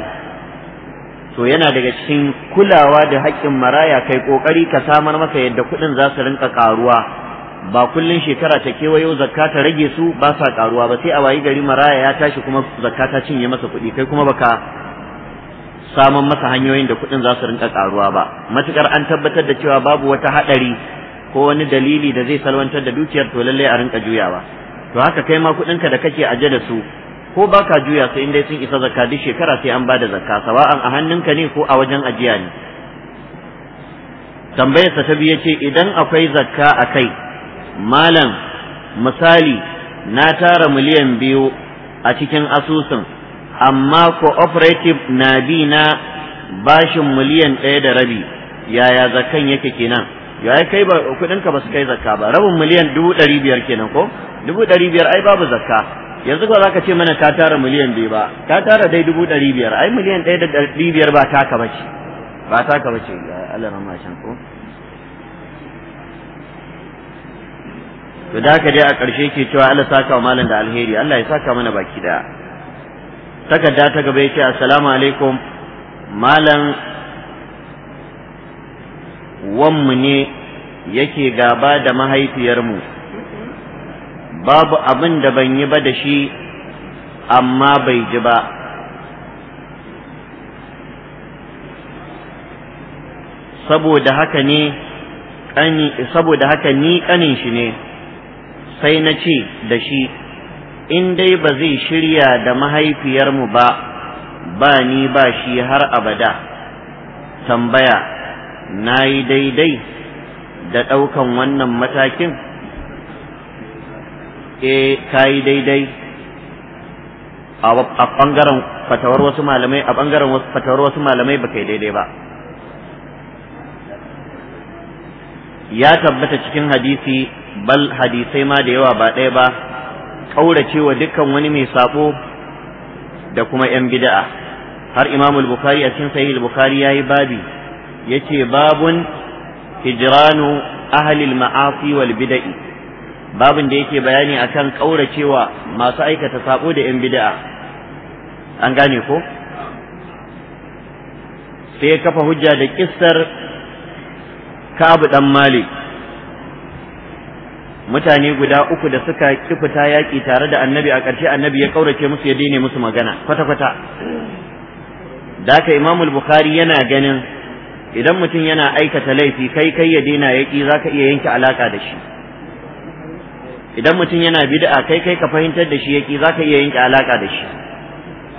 to yana daga cikin kulawa da haƙƙin maraya kai ƙoƙari ka samar masa yadda kuɗin za su rinka ƙaruwa ba kullun shekara ta kewayo zakka ta rage su ba sa ƙaruwa ba sai a wayi gari maraya ya tashi kuma zakka ta cinye masa kuɗi kai kuma baka samun masa hanyoyin da kuɗin za su rinka ƙaruwa ba matukar an tabbatar da cewa babu wata haɗari ko wani dalili da zai salwantar da dukiyar to lallai a rinka juyawa to haka kai ma ka da kake aje da su ko baka juya su in dai sun isa zakka duk shekara sai an bada zakka sawa'an a hannunka ne ko a wajen ajiya ne tambayar sa ta biyu ce idan akwai zakka a kai malam misali na tara miliyan biyu a cikin asusun amma cooperative na bi na bashin miliyan ɗaya da rabi yaya zakkan yake kenan ya kai ba kuɗin ka ba su kai zakka ba rabin miliyan dubu ɗari biyar kenan ko dubu ɗari biyar ai babu zakka yanzu ba za ka ce mana ka tara miliyan biyu ba ka tara dai dubu ɗari biyar ai miliyan ɗaya da ɗari biyar ba taka bace ba taka bace Allah rama shan ko to da ka dai a ƙarshe ke cewa Allah saka wa malam da alheri Allah ya saka mana baki daya takarda ta gaba ya ce assalamu alaikum malam wanmu ne yake gaba da mahaifiyarmu babu abin da ban yi ba da shi amma bai ji ba saboda haka ne saboda haka ni ƙanin shi ne sai na ce da shi in dai ba zai shirya da mahaifiyarmu ba ba ni ba shi har abada tambaya na yi daidai da ɗaukan wannan matakin e eh, ka yi daidai a ɓangaren fatawar wasu malamai a ɓangaren fatawar wasu malamai ba kai daidai ba ya tabbata cikin hadisi bal hadisai ma da yawa ba ɗaya ba ƙaurace wa dukkan wani mai saɓo da kuma 'yan bida'a har imamul bukhari a cikin sahih bukhari ya yi babi yace babun hijranu ahli al-ma'asi wal bid'i babun da yake bayani akan kauracewa masu aikata sabo da yan bid'a an gane ko sai kafa hujja da kissar kabu dan mali mutane guda uku da suka kifuta yaki tare da annabi a ƙarshe annabi ya ƙaurace musu ya daina musu magana kwata-kwata da imamul bukhari yana ganin idan mutum yana aikata laifi kai kai ya daina za zaka iya yanke alaka da shi idan mutum yana bid'a kai kai ka fahimtar da shi za zaka iya yanke alaka da shi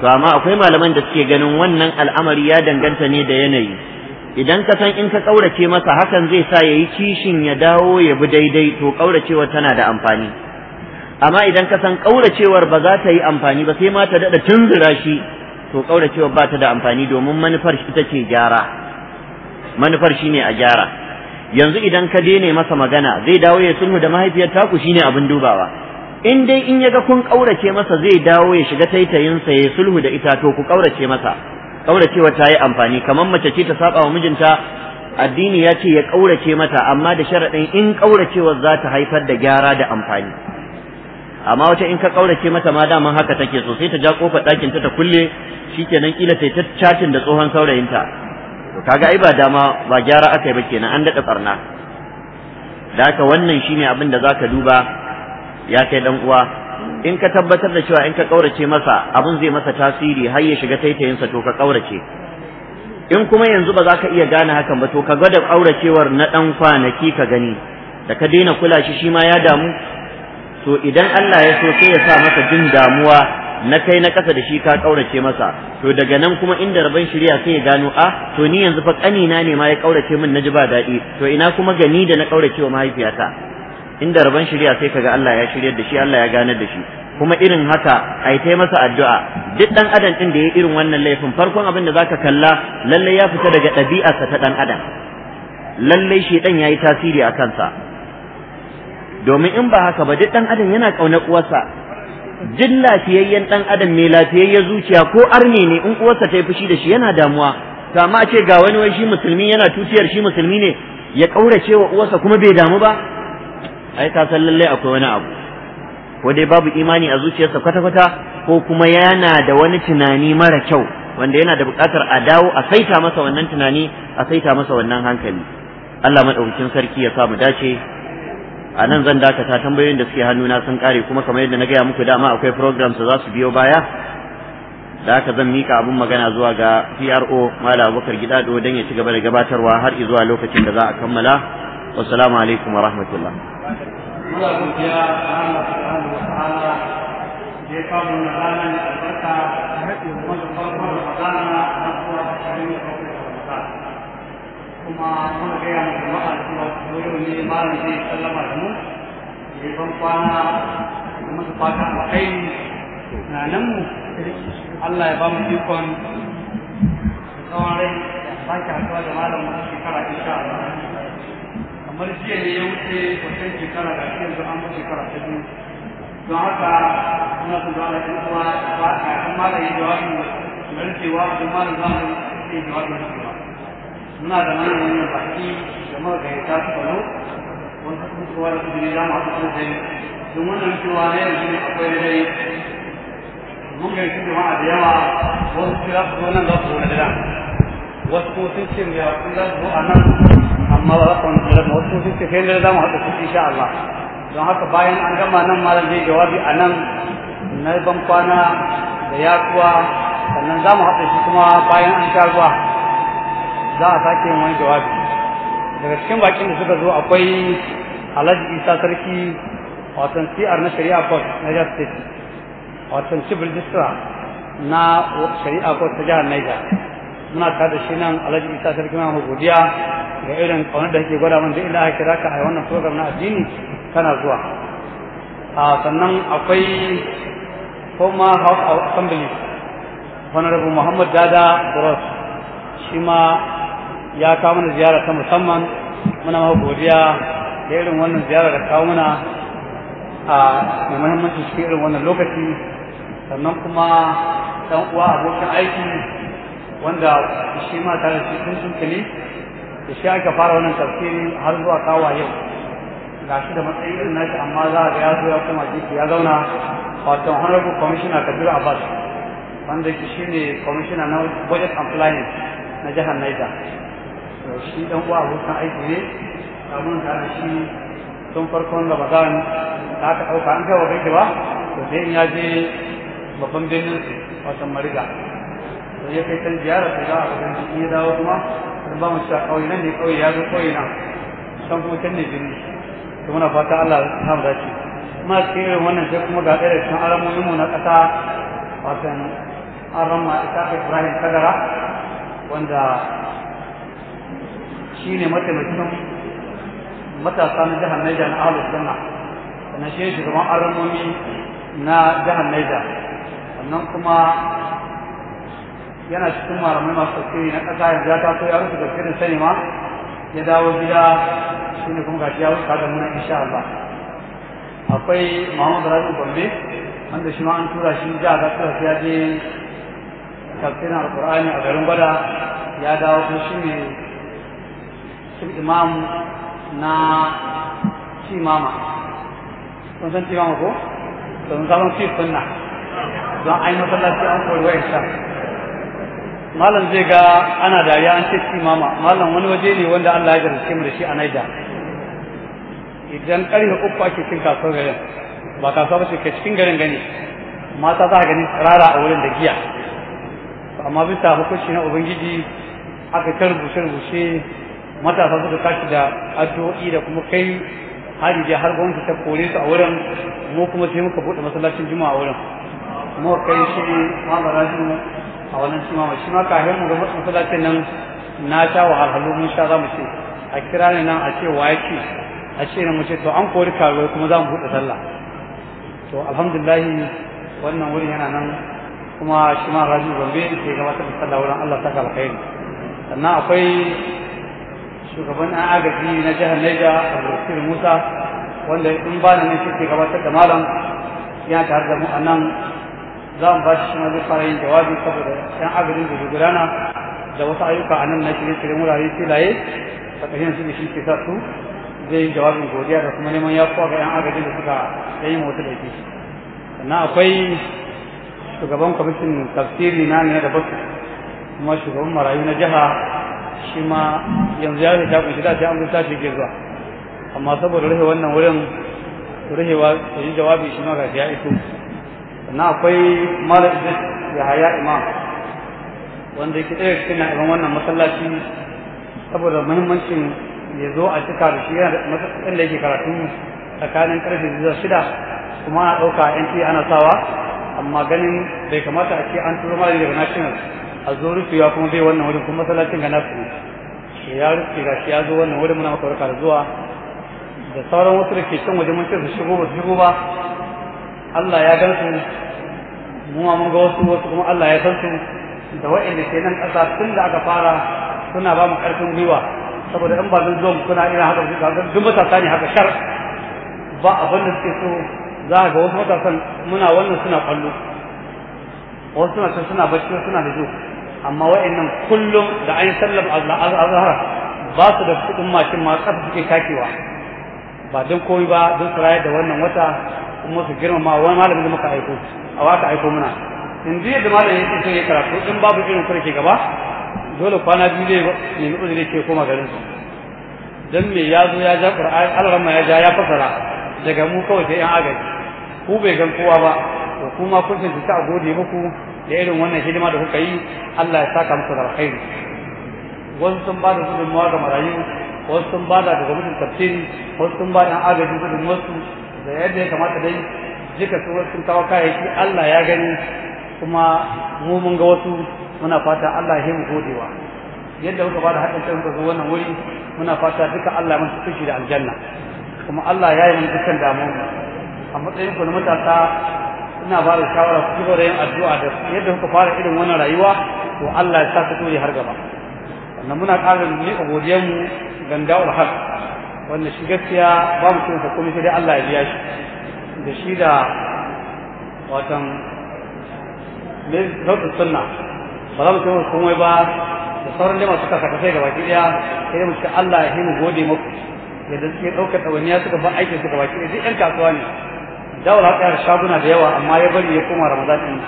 to amma akwai malaman da suke ganin wannan al'amari ya danganta ne da yanayi idan ka san in ka ƙaurace masa hakan zai sa yayi kishin ya dawo ya bi daidai to kauracewa tana da amfani amma idan ka san ƙauracewar ba za ta yi amfani ba sai ma ta dada tunzura shi to kauracewar ba ta da amfani domin manufar ita ce gyara manufar shine a gyara yanzu idan ka daina masa magana zai dawo ya sulhu da mahaifiyar taku ne abin dubawa in dai in ya ga kun kaurace masa zai dawo ya shiga taitayin sa ya sulhu da ita to ku kaurace masa kauracewa ta yi amfani kamar mace ce ta saba wa mijinta addini ya ce ya kaurace mata amma da sharaɗin in kauracewar za ta haifar da gyara da amfani amma wata in ka kaurace mata ma daman haka take so sai ta ja kofar ɗakin ta ta kulle shikenan kila ta ta catin da tsohon saurayinta to kaga ai ba dama ba gyara aka yi ba kenan an daɗa barna da haka wannan shine abin da zaka duba ya kai dan uwa in ka tabbatar da cewa in ka kaurace masa abin zai masa tasiri har ya shiga taitayinsa to ka kaurace in kuma yanzu ba za ka iya gane hakan ba to ka gwada auracewar na ɗan kwanaki ka gani da ka daina kula shi shi ma ya damu to idan Allah ya so sai ya sa masa jin damuwa na kai na kasa da shi ka kaurace masa to daga nan kuma inda rabon shirya sai ya gano a ah, to ni yanzu fa kanina ne ma ya kaurace min naji ba daɗi to ina kuma gani da na kaurace wa mahaifiyata inda rabon shirya sai kaga Allah ya shiryar da shi Allah ya ganar da shi kuma irin haka ai tai masa addu'a duk ɗan adam ɗin da ya irin wannan laifin farkon abin da zaka kalla lallai ya fita daga ɗabi'arsa ta dan adam lalle ya yi tasiri a kansa domin in ba haka ba duk ɗan adam yana kaunar uwarsa duk lafiyayyen ɗan adam mai lafiyayyen zuciya ko arne ne in uwarsa ta yi fushi da shi yana damuwa to amma ce ga wani wai shi musulmi yana tutiyar shi musulmi ne ya ƙaurace wa uwarsa kuma bai damu ba ai ka san lallai akwai wani abu ko dai babu imani a zuciyarsa kwata-kwata ko kuma yana da wani tunani mara kyau wanda yana da buƙatar a dawo a saita masa wannan tunani a saita masa wannan hankali Allah maɗaukakin sarki ya samu dace a nan zan dakata tambayoyin da suke hannuna sun kare kuma kamar yadda na gaya muku dama akwai program da za su biyo baya da haka zan mika abun magana zuwa ga PRO Malam Abubakar Gidado don ya ci gaba da gabatarwa har zuwa lokacin da za a kammala wassalamu alaikum wa rahmatullah muna godiya Allah subhanahu wa ta'ala da ya kawo ranar albarka da haɗin farkon kuma kuma gaya mu jama'a ne malam zai sallama da mu ya mu Allah ya ba mu ikon tsawon rai da sake haɗuwa da malam wata shekara insha Allah kamar jiya ne ya wuce wancan shekara da yanzu an shekara ta biyu don haka ana son da kuma ba a kan malam yi jawabi mai da malam za yi jawabi mai muna da nan wani baki da magaita su bano wanda sun kowa da kudi za mu haɗu sosai don wannan cewa ne da shi akwai dai mun ga shi jama'a da yawa wasu kira su nan za su wani da wasu ko sun ce ya kun za su a nan amma ba za su wani da wasu sun ce kai da za mu haɗu sosai insha Allah don haka bayan an gama nan malam zai jawabi a nan na ban kwana da yakuwa sannan za mu haɗa shi kuma bayan an sha ruwa za a sake yin wani jawabi daga cikin bakin da suka zo akwai alhaji isa sarki watan cr na shari'a court na jihar state watan chief registrar na shari'a court ta jihar niger muna tare da shi nan alhaji isa sarki na godiya ga irin kaunar da kake gwada min duk inda aka kira ka a wannan program na addini kana zuwa a sannan akwai former house assembly honorable muhammad dada bros shi ma ya kawo mana ziyara ta musamman muna maka godiya da irin wannan ziyara da kawo mana a mai muhimmanci cikin irin wannan lokaci sannan kuma dan uwa abokin aiki wanda shi ma tare da shi sun tuni da shi aka fara wannan tafsiri har zuwa kawo yau ga shi da matsayin irin nashi amma za a ga ya zo ya jiki ya zauna wato honorable commissioner kabiru abbas wanda shi ne commissioner na budget and na jihar niger shi dan uwa abokan aiki ne kamun tare shi tun farkon ramadan ta ka dauka an gawa gaike ba to sai in ya je babban birnin su watan mariga to ya kai can ziyara sai za a shi jiki ya dawo kuma sun ba mu sha ƙauye nan ne kauye ya zo kauye nan san kuma can ne birni to muna fata Allah ya samu dace kuma cikin wannan sai kuma ga ɗaya cikin alamomin mu na ƙasa watan an rama ita Ibrahim Kadara wanda shine mataimakin matasa na jihar naija na Ahlus Sunna sannan shi shugaban aramomi na jihar Naija sannan kuma yana cikin malamai masu tafsiri na ƙasa yanzu ya taso ya rufe tafsirin sani ma ya dawo gida shi ne kuma gashi ya wuce da muna insha Allah akwai Muhammad Rabi Gombe wanda shi ma an tura shi ga ya je tafsirin Alƙur'ani a garin Bada ya dawo kuma shi ne imamu na shi mama kun san imama ko sun zaman fi sunna don yi masallaci an koyi wayar sa malam zai ga ana dariya an ce shi mama malam wani waje ne wanda Allah ya garance mu da shi a Naija idan karfe uku ake cin kasuwar garin ba kasuwa ba ce ka cikin garin gani mata za a gani rara a wurin da giya amma bisa hukunci na ubangiji aka ta rubuce-rubuce matasa suka kashi da addu'o'i da kuma kai hari da har gwamnati ta kore su a wurin mu kuma sai muka bude masallacin juma'a a wurin mu kai shi barajin mu a wannan shi ma shi ma kafin mu ga masallacin nan na sha wahalhalu mun sha za mu ce a kira ne nan a ce wa yake a ce na mu ce to an kori karuwa kuma za mu bude sallah to alhamdulillah wannan wurin yana nan kuma shi ma rajin gombe ke gabatar da sallah wurin Allah saka alkhairi sannan akwai shugaban an agaji na jihar Niger Abdulkir Musa wanda in ba ni shi ke gabatar da malam ya tare da mu a nan za mu ba shi zai fara yin jawabi saboda yan agajin da gudana da wasu ayyuka a nan na shirye shirye wurare filaye tsakanin su da shi ke sa su zai yi jawabin godiya da kuma neman yafuwa ga 'yan agajin da suka yi motsa da shi sannan akwai shugaban kwamitin tafsiri na ne da basu kuma shugaban marayu na jiha shi ma yanzu ya ta kunshi da sai an gusta shi ke zuwa amma saboda rufe wannan wurin rufewa da yi jawabi shi ma ga ya iso sannan akwai malam idris haya imam wanda yake ɗaya cikin na'iban wannan masallaci saboda muhimmancin ya zo a cika da shi yana da da yake karatu tsakanin karfe zuwa shida kuma ana ɗauka yanci ana sawa amma ganin bai kamata a ce an turo malami daga national a zo ya kuma bai wannan wurin kuma masallacin ga nasu ya rufe ga shi ya zo wannan wurin muna maka barka zuwa da sauran wasu da ke can waje mun ce su shigo ba su shigo ba Allah ya gan su mu ma mun ga wasu wasu kuma Allah ya san su da wa'anda ke nan ƙasa tun da aka fara suna ba mu ƙarfin gwiwa saboda in ba zo mu kuna irin haka duk matasa ne haka shar ba abin da suke so za ga wasu matasan muna wannan suna kwallo wasu suna suna bacci suna da zuwa amma wa'annan kullum da an sallar azhar ba su da kudin mashin ma kafa suke kakewa ba don komai ba don su rayar da wannan wata kuma su girmama wani malamin da muka aiko a waka aiko muna in ji yadda malamin yake so ya karatu in babu irin kuma ke gaba dole kwana biyu zai nemi uzuri ke koma garin su dan me ya zo ya ja qur'ani Allah ya ja ya fasara daga mu kawai sai yan agaji ku bai gan kowa ba to kuma kun tunta a gode muku da irin wannan hidima da kuka yi Allah ya saka muku da alkhairi wasu sun ba da gudunmawa ga marayu wasu sun ba da daga mutum tafsir wasu sun ba da agaji gudun wasu da yadda ya kamata dai jika su wasu sun kawo kayayyaki Allah ya gani kuma mu mun ga wasu muna fata Allah ya mu godewa yadda kuka ba da haɗin kai kuka zo wannan wuri muna fata duka Allah ya mutu kushi da aljanna kuma Allah ya yi mun dukkan damuwa a matsayin ku na matasa ina ba da shawara ku cigaba da yin addu'a da yadda kuka fara irin wannan rayuwa to Allah ya sa ku har gaba sannan muna ƙara miƙa godiyar mu ganda ulhaq wannan shi gaskiya ba mu tunta komai sai dai Allah ya biya shi da shi da watan ne zautu sunna ba za mu tunta komai ba da sauran dai masu sai gaba ki daya sai mu ce Allah ya himu gode muku yadda suke ɗaukar ɗawainiya suka ba aikin suka baki ɗaya duk 'yan kasuwa ne dawal haka yana shaguna da yawa amma ya bari ya koma ramadan din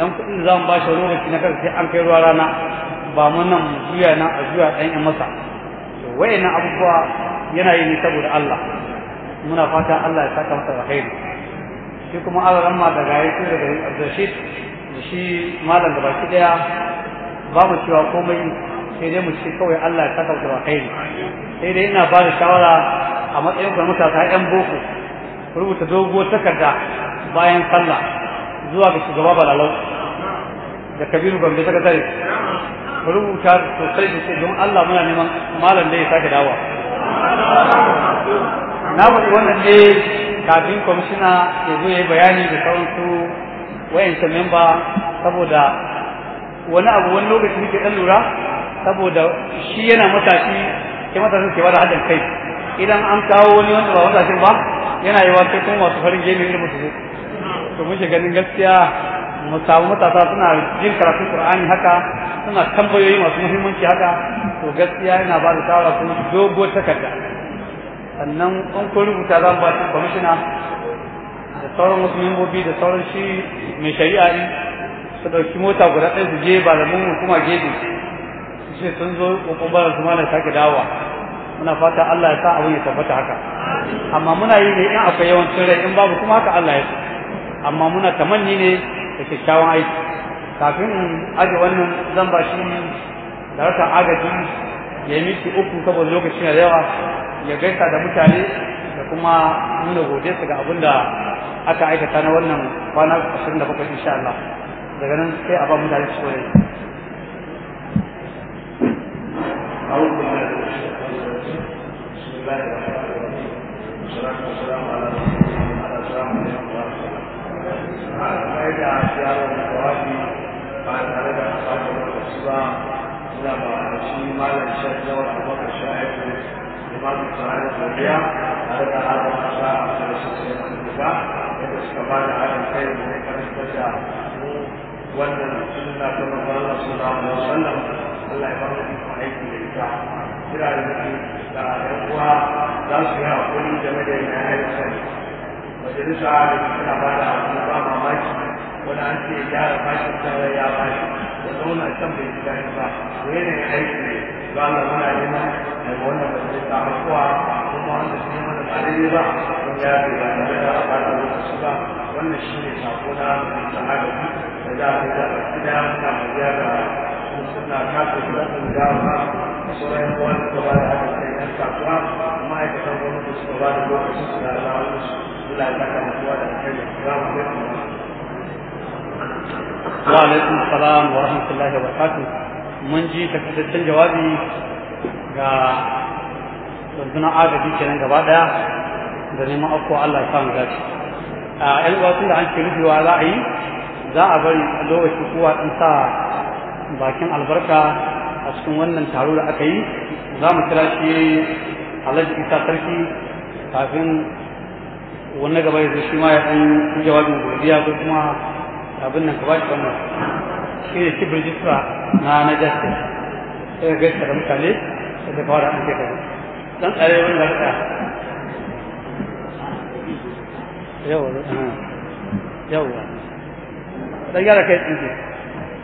dan kuɗin da shi bashi lokaci na kar sai an kai ruwa rana ba mu nan juya nan a juya dan ƴan masa to na abubuwa yana yi ne saboda Allah muna fata Allah ya saka masa alheri shi kuma Allah ramma daga yake daga Abdurrashid shi malam da baki daya ba mu cewa komai sai dai mu ce kawai Allah ya saka masa alheri sai dai ina ba da shawara a matsayin ku mutaka yan boko rubuta doguwar takarda bayan sallah zuwa ga shugaba balalau da kabiru gombe sakatare rubuta sosai da sai don Allah muna neman malam da ya sake dawa na buɗe wannan ne kafin kwamishina ya zo ya yi bayani da sauransu wayanta memba saboda wani abu wani lokaci nake ɗan lura saboda shi yana matashi ke matashi ke ba da haɗin kai idan an kawo wani wanda ba wanda ba yana yi wace kuma masu farin gemi da musu to muke ganin gaskiya mu samu matasa suna jin karatun Kur'ani haka suna tambayoyi masu muhimmanci haka to gaskiya yana ba da shawara su dogo takarda sannan in kun rubuta zan ba shi kwamishina da sauran wasu membobi da sauran shi mai shari'a ne su ɗauki mota guda ɗaya su je ba da mun hukuma gefe su ce sun zo ba da su mana sake dawowa muna fata Allah ya sa abin ya tabbata haka amma muna yi ne in akwai yawancin rai in babu kuma haka Allah ya sa amma muna tamanni ne da kyakkyawan aiki kafin in aje wannan zan ba shi da rasa agaji ya yi miki uku saboda lokaci na yawa ya gaisa da mutane da kuma nuna su ga abin da aka aikata na wannan kwana 27 insha Allah daga nan sai a ba mutane su ne أعوذ بالله wannan sunna ta manzon Allah sallallahu alaihi Allah ya bar mu aiki da ita kira da shi ga uwa za su yi hakuri game da yana ya sani majalisa da suna ba da hakuri ba mamaki wani an ce gyara bashin tare ya bashi da zauna can bai ji daɗi ba ko yanayin aiki ne ba na muna neman daga wannan majalisa abubuwa kuma wanda su yi mana ba daidai ba kun ya ce ba tare da ba da lokaci ba wannan shi ne sako na sa'adu da za a yi da gida muna mai yada suna kafin da sun dawo ba da sauran yan ɗan ma'aikatan gwamnati da ya mutuwa da za mu wa salam wa rahmatullahi wa barakatuh mun ji takaitaccen jawabi ga rundunar agaji kenan gaba daya da neman afuwa Allah ya samu gaci a yan uwa da an rufewa za a yi za a bari lokaci kowa ɗin sa bakin albarka a cikin wannan taro da aka yi za mu kira shi alhaji isa sarki kafin wani gaba yanzu shi ma ya ɗan jawabin godiya ko kuma abin nan ka ba shi wannan shi ne chief registrar na na justice sai gaisa da mutane sai da fara an kai dan tsare wanda ka yawa eh, yawa dan yara kai tsinke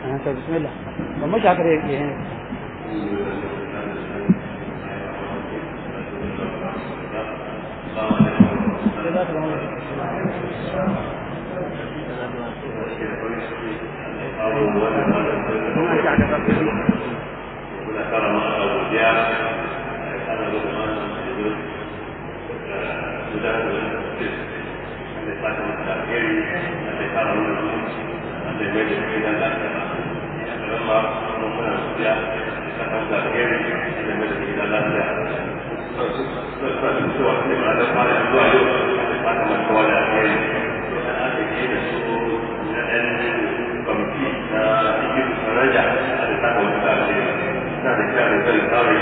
eh, ta bismillah ba mashi haka da yake Yeah. Jadi, kalau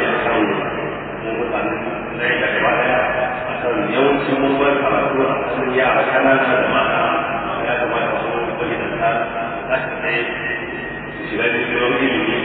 ini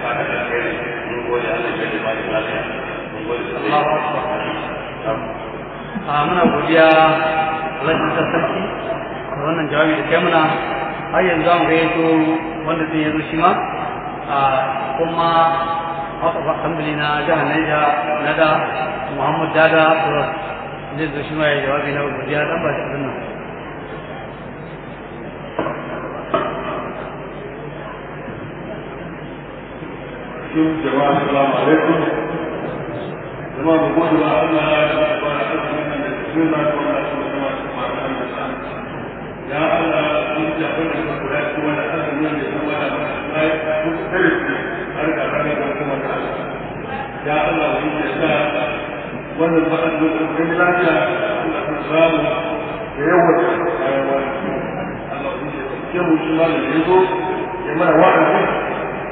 saka da ah, muna godiya Allah ta sarki wannan jawabi da kai muna har yanzu an gayyato wanda zai yanzu shi ma ah, kuma haka assembly na jihar Niger na da Muhammad Dada Kuras zai zo shi ma ya jawabi na godiya dan ba shi nan cikin jama'a assalamu alaikum jama'a mu gode wa Allah ya ba da azumin nan da cikin na ko na so kuma su ma san da san ya Allah mun da ban da kula shi wannan azumin da kuma da sai ku tare shi har da ranar da kuma da ya Allah mun da sa wannan ba da kun lafiya Allah ku samu da da da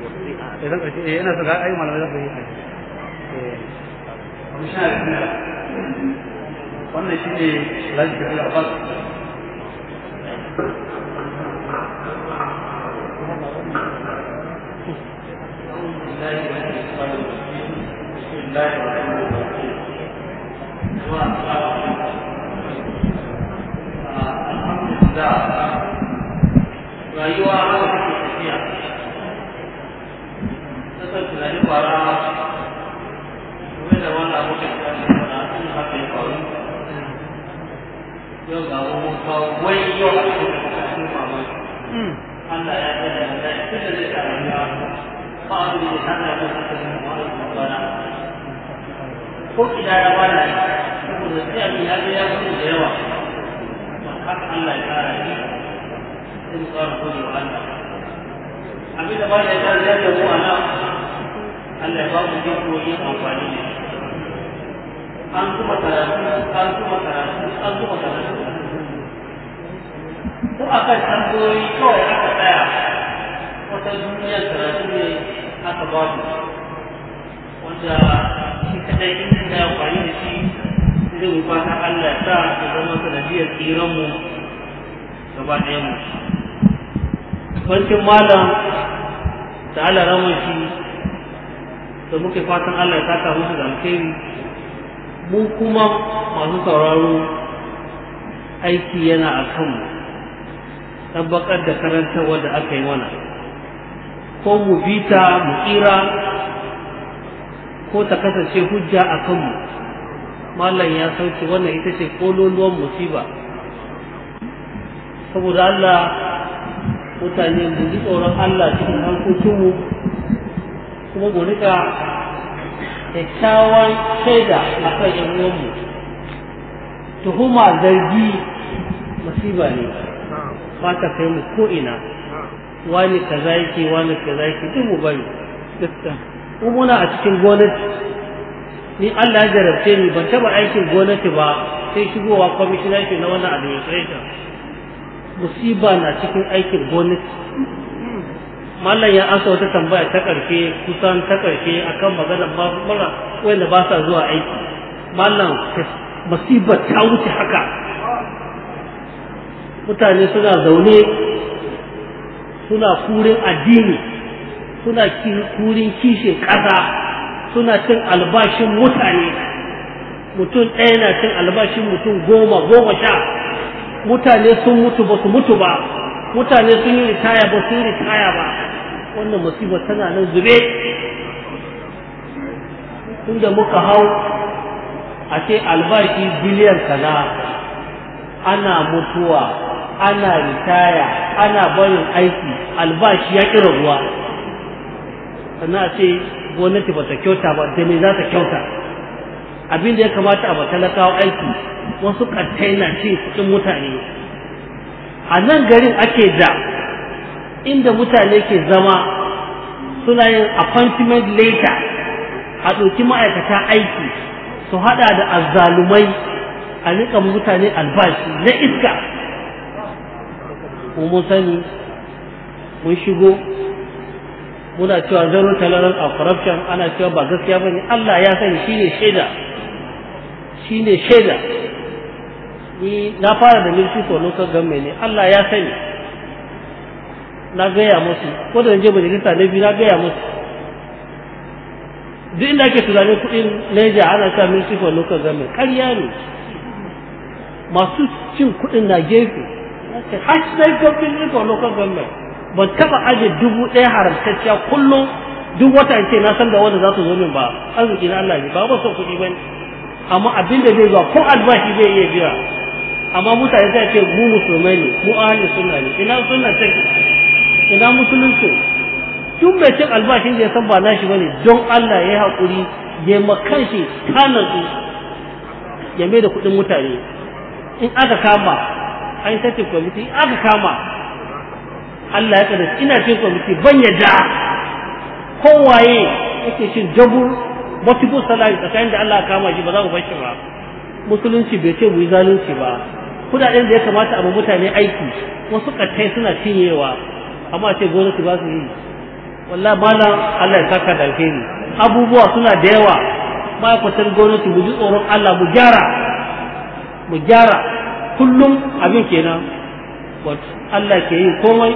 idan karshe eh ina so ga ai malamai za su yi wannan shi ne Alhaji rayuwa kan tunani kwara game da wani abokan tunani wani an haka ya faru yau ga wani kawo wai yau a cikin kasashen mamaki hmm. Allah ya tsada da zai tunda zai tsara ya ba a wani da hana ya haka da mamaki ko kida ya bana saboda sai abin ya zai ya kuma da yawa haka Allah ya tsara shi sai tsara gode wa Allah abin da ba da ya zai da mu ana Allah ya ba mu jiko yin amfani da an kuma karatu an kuma karatu an kuma karatu ko aka tambayoyi kawai aka tsaya wata duniyar karatu ne aka ba mu wanda shi kadai in da amfani da shi zai mu fata Allah ya sa ya zama sanadiyar tsiranmu gaba ɗayan mu bancin malam da Allah ramun shi da muke fatan Allah ya saka musu da alkhairi mu kuma masu sauraro aiki yana a kanmu tabbatar da karantarwa da aka yi mana ko mu bita mu tsira ko ta kasance hujja a kanmu malam ya sauke wannan ita ce kololuwan musiba saboda Allah mutane mu ji tsoron Allah cikin harkokinmu kuma mu rika kyakkyawan shaida a kan ‘yan uwanmu tuhuma zargi masiba ne ba ta kai mu ko'ina wani kaza yake wani kaza yake duk mu bari kuma muna a cikin gwamnati ni Allah ya jarabce ni ban taɓa aikin gwamnati ba sai shigowa kwamishina ke na wannan administration musiba na cikin aikin gwamnati mallan ya asa wata tambaya ta ƙarfe kusan ta a akan maganar mara wanda ba sa zuwa aiki mallan musiba ta wuce haka mutane suna zaune suna kurin addini suna kurin kishin ƙasa suna cin albashin mutane mutum ɗaya na cin albashin mutum goma goma sha mutane sun mutu ba su mutu ba mutane sun yi ritaya ba su yi ritaya ba wannan musiba tana nan zube inda muka hau a ce albashi biliyan kaza ana mutuwa ana ritaya ana barin aiki albashi ya ruwa ruwa sannan a ce gwamnati ba ta kyauta ba da mai za ta kyauta abin da ya kamata a matalakawa aiki wasu kattai na cin kuɗin mutane a nan garin ake da inda mutane ke zama suna yin appointment later a ɗauki ma'aikata aiki su haɗa da azzalumai a nika mutane albashi na iska mun sani mun shigo muna cewa zero talaran a corruption ana cewa ba gaskiya bane Allah ya sani shine shaida shine shaida ni na fara da milki for local government ne Allah ya sani na gaya musu ko da je majalisa na biyu na gaya musu duk inda ake tunanin kuɗin ana sa for local ne masu cin kuɗin na gefe for local government ban taɓa aje dubu kullum duk wata na san da wanda amma abin da zai zuwa ko albashi zai iya biya amma mutane zai ce mu musulmai ne mu ahli sunna ne ina sunna take ina musulunci tun mai cin albashin da ya san ba nashi bane don Allah ya haƙuri ya makan shi kana su ya mai da kuɗin mutane in aka kama an sace kwamiti in aka kama Allah ya kada ina cin kwamiti ban yadda kowaye yake cin jabur multiple salary tsakanin da Allah kama shi ba za mu bar ba musulunci bai ce mu yi zalunci ba kudaden da ya kamata a mutane aiki wasu katai suna cinyewa amma ce gwamnati ba su yi wallah malam Allah ya saka da alheri abubuwa suna da yawa ma'aikatan gwamnati mu ji tsoron Allah mu gyara mu gyara kullum abin kenan Allah ke yi komai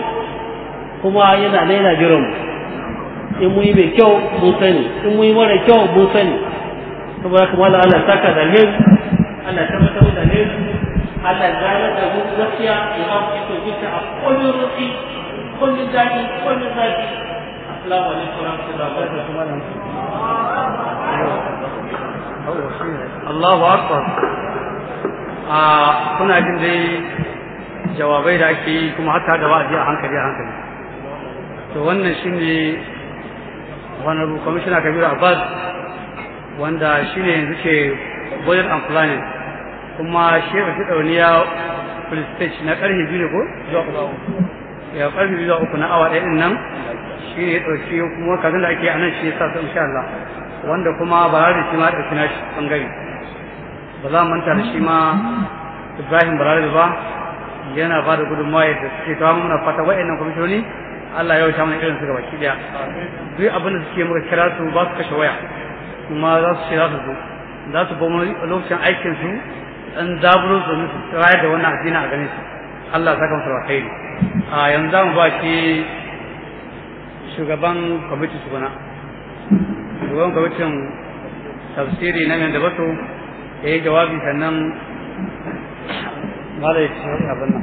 kuma yana naina jiran mu in mun yi mai kyau mun sani in mun yi mara kyau mun sani saboda kuma Allah Allah saka da ne Allah tabbatar da ne Allah zama da mu gaskiya ya ba mu iko bisa a kullun rufi kullun zaki kullun zaki assalamu alaikum warahmatullahi wabarakatuh Allahu akbar a ah, kuna jin dai jawabai da ake yi kuma hatta da wa'azi a hankali a hankali to wannan shine honorable commissioner kabiru abbas wanda ne yanzu ke budget and planning kuma shehu shi dauniya ya stage na ƙarfi biyu ne ko zuwa ya ƙarfi biyu zuwa uku na awa ɗayan nan shi ne ɗauki kuma kazan da ake anan nan shi ya sa insha Allah wanda kuma bara da shi ma ɗauki na shi ɓangare ba za manta da shi ma ibrahim barari ba yana ba da gudunmawa yadda suke kawo muna fata wa'annan kwamishoni Allah ya wuce mana irin su gabaki daya duk abin da suke muka kira su ba su kashe waya kuma za su za su zo za su bomo lokacin aikin su dan zaburo su su tsaya da wannan addini a ganin su Allah saka musu alkhairi a yanzu mu ba ke shugaban su suguna shugaban kwamitin tafsiri na mai ba su ya yi jawabi sannan malai shi abin nan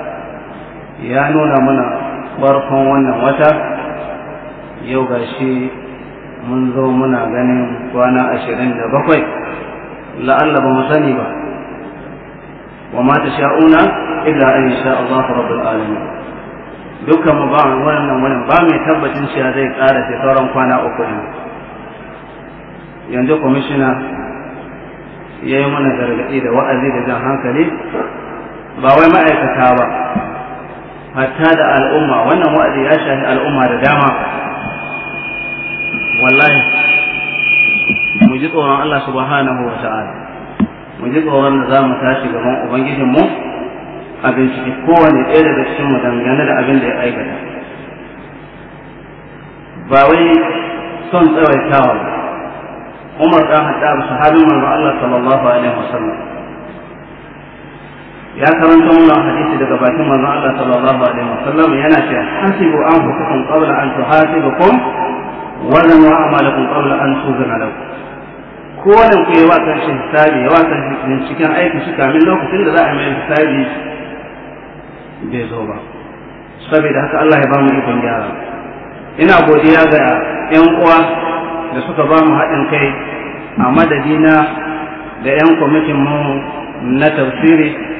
ya nuna mana farkon wannan wata yau ga shi mun zo muna ganin kwana ashirin da bakwai la'alla ba mu sani ba wa ma ta sha'una illa an sha Allah rabbul alamin dukkan mu ba wannan wannan ba mai tabbacin cewa zai ƙara sai kwana uku ne yanzu kwamishina ya yi mana gargaɗi da wa'azi da jan hankali ba wai ma'aikata ba hatta da al'umma wannan wa'azi ya shafi al'umma da dama wallahi mu ji tsoron Allah subhanahu wa ta'ala mu ji tsoron da za mu tashi gaban ubangijinmu a bincike kowane ɗaya daga cikin mu dangane da abin da ya aikata ba wai son tsawaitawa umar ɗan haɗa sahabin manzo Allah sallallahu alaihi wasallam ya karanta wannan hadisi daga bakin manzon Allah sallallahu alaihi wasallam yana cewa hasibu anfusakum qabla an tuhasibukum wa zanu a'malakum qabla an tuzana lakum kowane ku yi wasan shi hisabi yawa kan cikin aiki shi kamin lokacin da za a mai hisabi bai zo ba saboda haka Allah ya ba mu ikon gyara ina godiya ga yan uwa da suka ba mu haɗin kai a madadina da yan kwamitin mu na tafsiri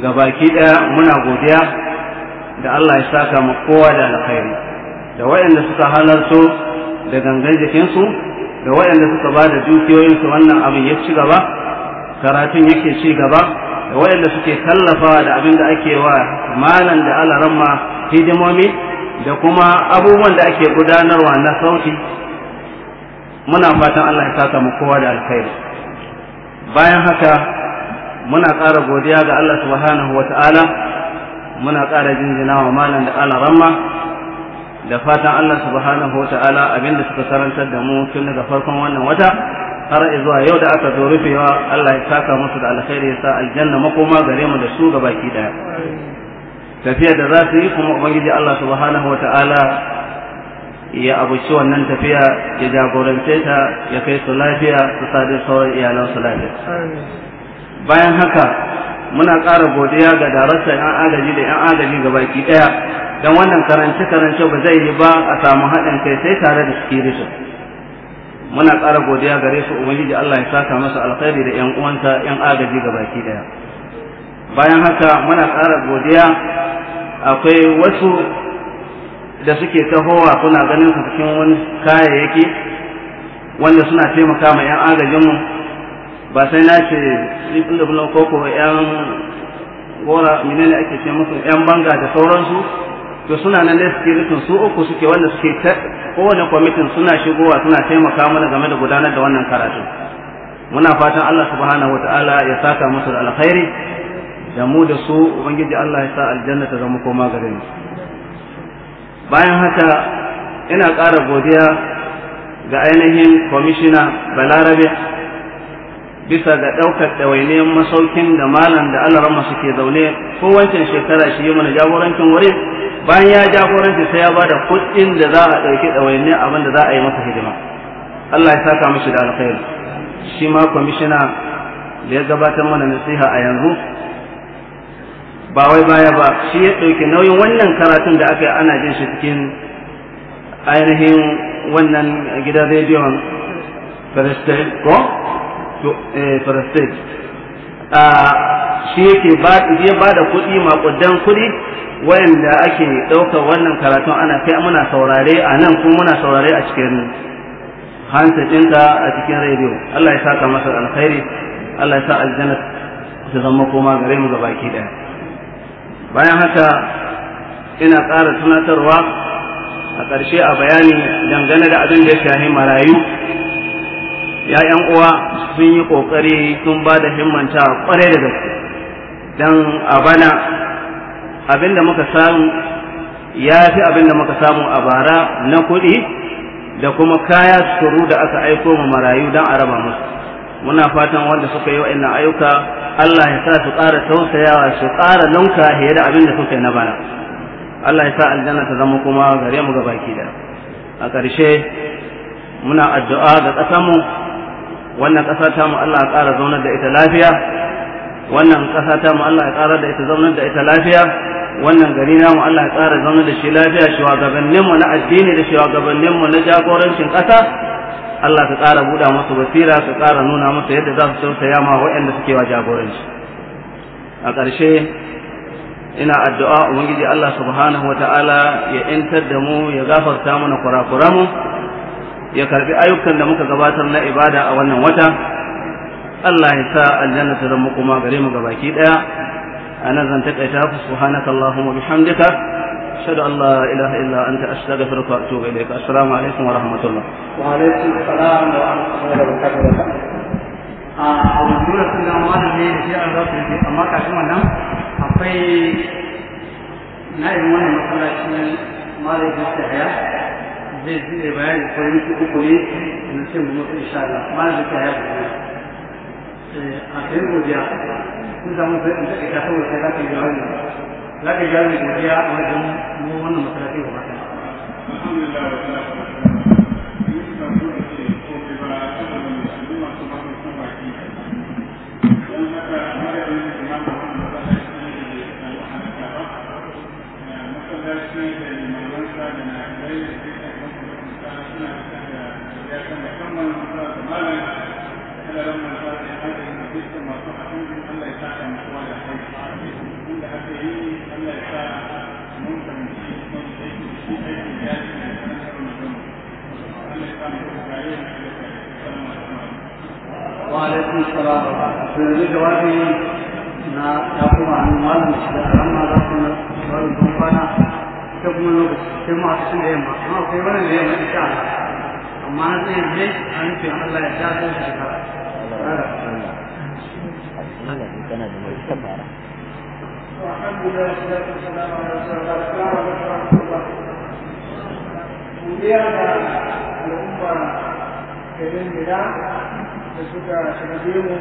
ga baki ɗaya muna godiya da Allah ya saka mu kowa da alkhairi da waɗanda suka halarto da gangan jikinsu da waɗanda suka ba da dukiyoyinsu wannan abin ya ci gaba karatun yake ci gaba da waɗanda suke tallafawa da abin da ake wa malam da alaramma hidimomi da kuma abubuwan da ake gudanarwa na sauti muna fatan Allah ya saka mu kowa da alkhairi bayan haka muna ƙara godiya ga Allah subhanahu wata'ala muna ƙara jinjina wa malam da ala ramma da fatan Allah subhanahu wata'ala abinda suka karantar da mu tun daga farkon wannan wata har zuwa yau da aka zo rufewa Allah ya saka musu da alkhairi ya sa aljanna makoma gare mu da su ga baki daya Tafiya da za su yi kuma ubangiji Allah subhanahu wata'ala ya abuci wannan tafiya ya jagorance ta ya kai su lafiya su sadu sauran iyalan su lafiya bayan haka muna ƙara godiya ga darasta 'yan agaji da 'yan agaji ga baki ɗaya don wannan karance-karance ba zai yi ba a samu haɗin kai sai tare da su muna ƙara godiya gare su ubangiji Allah ya saka masa alkhairi da 'yan uwanta 'yan agaji baki ɗaya bayan haka muna ƙara godiya akwai wasu da suke tahowa kuna ganin su cikin wani kayayyaki wanda suna taimaka ma 'yan agajinmu ba sai na ce ɗin da ko ko yan gora menene ake ce musu yan banga da sauransu to suna nan dai suke rikin su uku suke wanda suke kowane kwamitin suna shigowa suna taimaka mana game da gudanar da wannan karatu muna fatan Allah subhanahu wataala ya saka musu da alkhairi da mu da su ubangiji Allah ya sa aljanna ta zama koma gare bayan haka ina ƙara godiya ga ainihin kwamishina balarabe bisa ga ɗaukar ɗawainiyar masaukin da malam da alarama suke zaune ko wancan shekara shi yi mana jagorancin wuri bayan ya jagoranci sai ya ba da kuɗin da za a ɗauki ɗawainiyar abin da za a yi masa hidima Allah ya saka mishi da alkhairi shi ma kwamishina da ya gabatar mana nasiha a yanzu ba wai baya ba shi ya ɗauki nauyin wannan karatun da aka yi ana jin shi cikin ainihin wannan gidan rediyon Palestine ko Eh, for state ah, shi yake ya ba da kuɗi maƙudan kuɗi wayanda ake ɗaukar wannan karatun ana kai muna saurare a nan kuma muna saurare a cikin hanta ɗinka a cikin rediyo Allah ya saka masa alkhairi Allah ya sa aljanna ta zama koma gare mu gabaki ɗaya bayan haka ina ƙara tunatarwa a ƙarshe a bayani dangane da abin da ya shahi marayu ya yan uwa sun yi ƙoƙari sun ba da himmanta kwarai da gaske Don a bana abin da muka samu ya fi abin da muka samu a bara na kuɗi da kuma kaya suru da aka aiko ma marayu don a raba musu muna fatan wanda suka yi ina ayyuka Allah ya sa su ƙara tausayawa su ƙara lanka fiye da abin da suka yi na bana Allah ya sa aljanna ta zama kuma gare mu ga baki da a ƙarshe muna addu'a ga ƙasarmu wannan ƙasa ta mu Allah ya ƙara zaunar da ita lafiya wannan ƙasa ta mu Allah ya ƙara da ita zaunar da ita lafiya wannan gari mu Allah ya ƙara zaunar da shi lafiya shugabannin mu na addini da shugabannin mu na jagorancin ƙasa Allah ka ƙara buɗa musu basira ka ƙara nuna musu yadda za su tausaya ma waɗanda suke wa jagoranci a ƙarshe ina addu'a ubangiji Allah subhanahu wa ta'ala ya 'yantar da mu ya gafarta mana kurakuranmu ya karbi ayyukan da muka gabatar na ibada a wannan wata Allah ya sa aljanna ta zama kuma gare mu gabaki daya anan zan takaita ku subhanaka allahumma bihamdika ashhadu an la ilaha illa anta astaghfiruka wa atubu ilaik assalamu alaikum wa rahmatullah wa alaikum assalam wa rahmatullahi wa barakatuh a wannan sunan malam ne da shi an rabu da amma kafin wannan akwai na irin wannan masallaci malam ya tsaya zai zai bayani ko yanki uku ne na ce mu mutu insha Allah ma da ta yaba eh, a kai godiya kun samu sai in take kafa wata za ka yi jawani za ka yi godiya a wajen mu wannan masalafin ba ta alhamdulillah عليكم السلام في جوابه ما يقوم عن المال المسلم عما ذكرنا سؤال البنبانا تكمل كما تسمع ما في ولا اليوم ان شاء الله وما نزل ليش ان في الله يحتاج الى الحمد لله والصلاة والسلام على رسول الله السلام عليكم ورحمة الله وبركاته الأمة في الانبلاء da suka rabe mu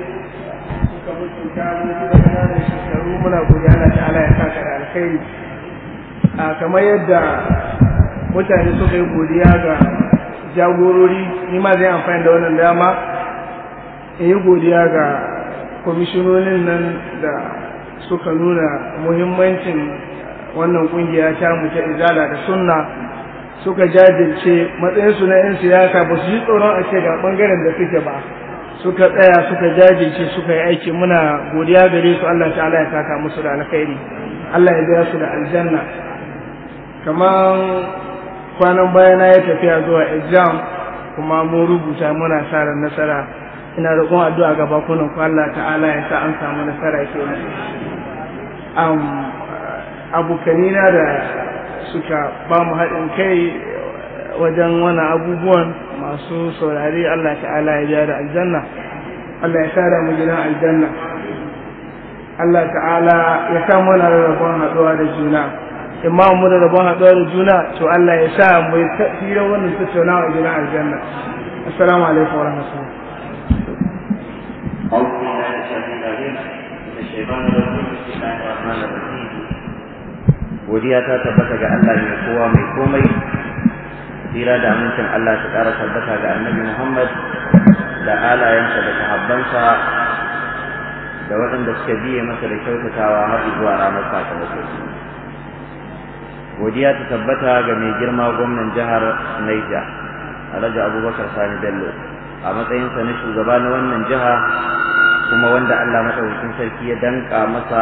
suka mutunta mu suka da shekaru muna godiya Allah ya saka da alkhairi a kamar yadda mutane suka yi godiya ga jagorori ni ma zai amfani da wannan dama in yi godiya ga kwamishinonin nan da suka nuna muhimmancin wannan kungiya ta mu ta izala da sunna suka jajirce matsayinsu na 'yan siyasa ba su ji tsoron a ce ga bangaren da suke ba suka tsaya suka jajirce suka yi aiki muna godiya gare su Allah ta'ala ya taka musu da alkhairi Allah ya biya su da aljanna kamar kwanan baya na ya tafiya zuwa exam kuma mun rubuta muna sa nasara ina roƙon addu'a ga bakunan ku Allah ta'ala ya sa an samu nasara ke um abokanina da suka ba mu haɗin kai wajen wani abubuwan أصوص والعري الله تعالى يجعل الجنة الله يسار مجناء الجنة الله تعالى يسام ولا ربنا دوار الجنة إما أمور ربنا دوار الجنة شو الله يسام ويتأثير ونستشونا وجناء الجنة السلام عليكم ورحمة الله الله سبحانه وتعالى الشيطان الرجيم بسم الله الرحمن الرحيم وديعتا تبتك الله يقوى من قومي hira da amincin Allah ta ƙara tabbata ga annabi Muhammad da alayensa da sahabbansa da waɗanda suka biye masa da kyautatawa har zuwa ranar sosai Godiya ta tabbata ga mai girma gwamnan jihar Niger, Alhaji Abubakar Sani Bello, a matsayinsa na shugaba na wannan jiha kuma wanda Allah maɗaukakin sarki ya danka masa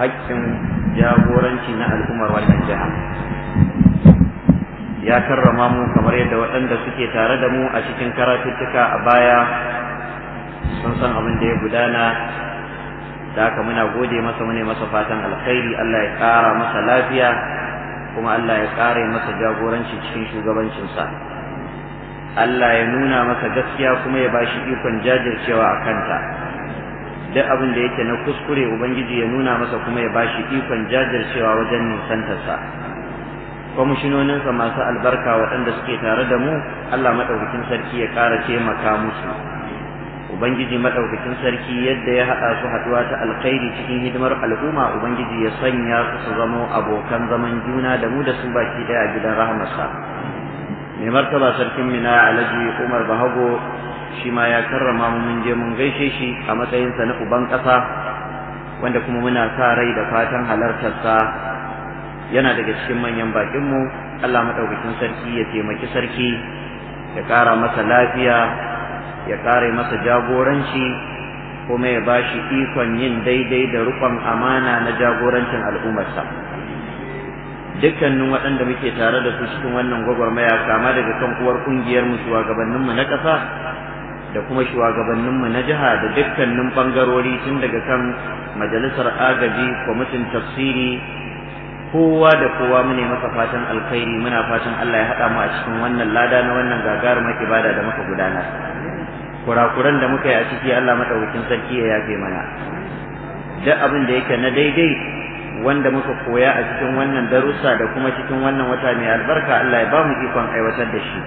haƙƙin jagoranci na al'ummar wannan jiha. ya karrama mu kamar yadda waɗanda suke tare da mu a cikin karatuttuka a baya sun san abin da ya gudana da haka muna gode masa mune masa fatan alkhairi Allah ya ƙara masa lafiya kuma Allah ya ƙare masa jagoranci cikin shugabancinsa Allah ya nuna masa gaskiya kuma ya bashi ikon jajircewa a kanta duk abin da yake na kuskure ubangiji ya nuna masa kuma ya bashi ikon jajircewa wajen nisantarsa kwamishinoninsa masu albarka waɗanda suke tare da mu Allah maɗaukakin sarki ya ƙara taimaka musu ubangiji maɗaukakin sarki yadda ya haɗa su haɗuwa ta alkhairi cikin hidimar al'umma ubangiji ya sanya su su zamo abokan zaman juna da mu da su baki ɗaya a gidan rahamarsa mai martaba sarkin mina alhaji umar bahago shi ma ya karrama mu mun je mun gaishe shi a matsayinsa na uban ƙasa wanda kuma muna sa rai da fatan halartarsa yana daga cikin manyan bakinmu Allah maɗaukakin sarki ya taimaki sarki ya kara masa lafiya ya ƙara masa jagoranci kuma ya bashi ikon yin daidai da rukon amana na jagorancin al'ummarsa dukkanin waɗanda muke tare da su cikin wannan gwagwarmaya kama daga kan uwar ƙungiyarmu shugabanninmu na ƙasa da kuma shugabanninmu na jiha da dukkanin ɓangarori tun daga kan majalisar agaji kwamitin tafsiri kowa da kowa mune maka fatan alkhairi muna fatan Allah ya haɗa mu a cikin wannan lada na wannan gagarumar ibada da muka gudana kurakuran da muka yi a ciki Allah madaukakin sarki ya yafe mana duk abin da yake na daidai wanda muka koya a cikin wannan darussa da kuma cikin wannan wata mai albarka Allah ya ba mu ikon aiwatar da shi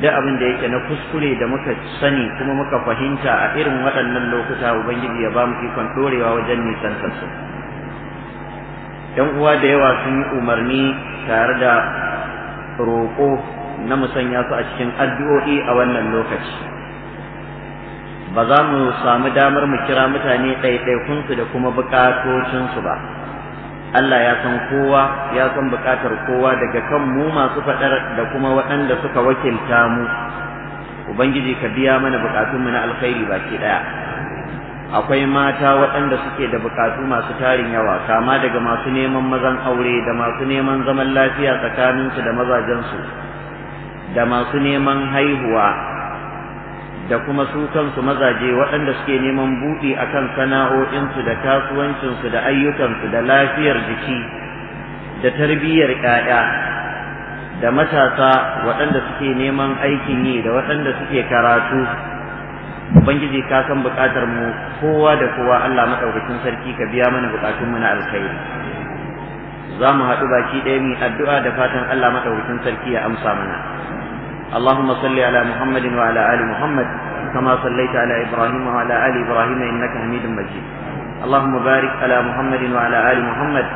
duk abin da yake na kuskure da muka sani kuma muka fahimta a irin waɗannan lokuta ubangiji ya ba mu ikon dorewa wajen nisan su Ɗan uwa da yawa sun yi umarni tare da roƙo na musanya su a cikin addu'o'i a wannan lokaci ba za mu samu damar mu kira mutane ɗaiɗaikunsu da kuma buƙatocinsu ba Allah ya san kowa ya san buƙatar kowa daga kan mu masu faɗar da kuma waɗanda suka wakilta mu ubangiji ka biya mana buƙatunmu na alkhairi baki ɗaya akwai mata waɗanda suke da buƙatu masu tarin yawa kama daga masu neman mazan aure da masu neman zaman lafiya tsakaninsu da mazajensu da masu neman haihuwa da kuma su kansu mazaje waɗanda suke neman buɗi akan sana'o'insu da kasuwancinsu da ayyukansu da lafiyar jiki da tarbiyyar 'ya'ya da matasa waɗanda suke neman aikin yi da waɗanda suke karatu ubangiji ka san buƙatar mu kowa da kowa Allah madaukakin sarki ka biya mana bukatun mu na alkhairi za mu haɗu baki ɗaya mu addu'a da fatan Allah madaukakin sarki ya amsa mana اللهم صل على محمد وعلى آل محمد كما صليت على إبراهيم وعلى آل إبراهيم إنك حميد مجيد اللهم بارك على محمد وعلى آل محمد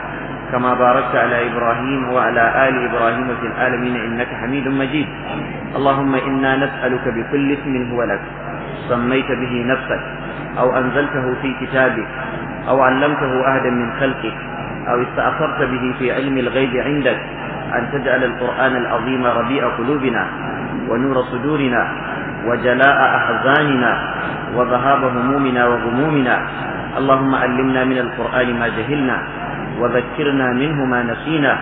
كما باركت على إبراهيم وعلى آل إبراهيم في العالمين إنك حميد مجيد اللهم إنا نسألك بكل اسم هو لك سميت به نفسك أو أنزلته في كتابك أو علمته أحدا من خلقك أو استأثرت به في علم الغيب عندك أن تجعل القرآن العظيم ربيع قلوبنا ونور صدورنا وجلاء أحزاننا وذهاب همومنا وغمومنا اللهم علمنا من القرآن ما جهلنا وذكرنا منه ما نسينا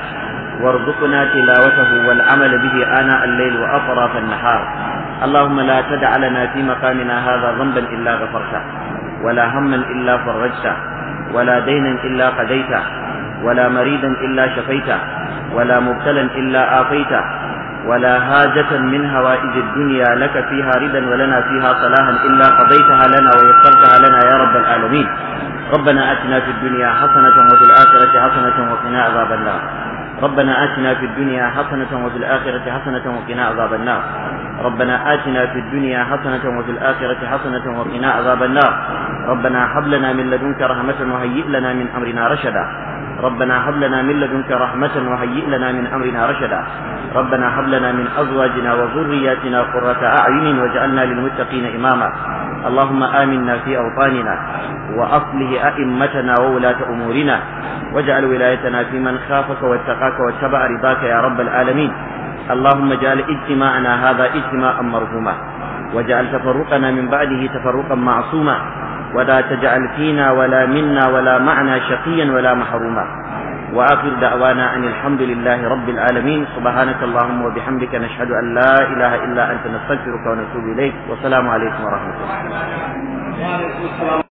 وارزقنا تلاوته والعمل به آناء الليل وأطراف النهار اللهم لا تدع لنا في مقامنا هذا ذنبا إلا غفرته ولا هما إلا فرجته ولا دينا إلا قضيته ولا مريضا إلا شفيته ولا مبتلا إلا آفيته ولا هاجة من هوائج الدنيا لك فيها ردا ولنا فيها صلاحا إلا قضيتها لنا ويسرتها لنا يا رب العالمين ربنا آتنا في الدنيا حسنة وفي الآخرة حسنة وقنا عذاب النار ربنا آتنا في الدنيا حسنة وفي الآخرة حسنة وقنا عذاب النار ربنا آتنا في الدنيا حسنة وفي الآخرة حسنة وقنا عذاب النار ربنا هب لنا من لدنك رحمة وهيئ لنا من أمرنا رشدا ربنا هب لنا من لدنك رحمة وهيئ لنا من أمرنا رشدا ربنا هب لنا من أزواجنا وذرياتنا قرة أعين واجعلنا للمتقين إماما اللهم آمنا في أوطاننا وأصله أئمتنا وولاة أمورنا واجعل ولايتنا في من خافك واتقاك واتبع رضاك يا رب العالمين اللهم اجعل اجتماعنا هذا اجتماعا مرحوما واجعل تفرقنا من بعده تفرقا معصوما ولا تجعل فينا ولا منا ولا معنا شقيا ولا محروما وآخر دعوانا أن الحمد لله رب العالمين سبحانك اللهم وبحمدك نشهد أن لا إله إلا أنت نستغفرك ونتوب إليك والسلام عليكم ورحمة الله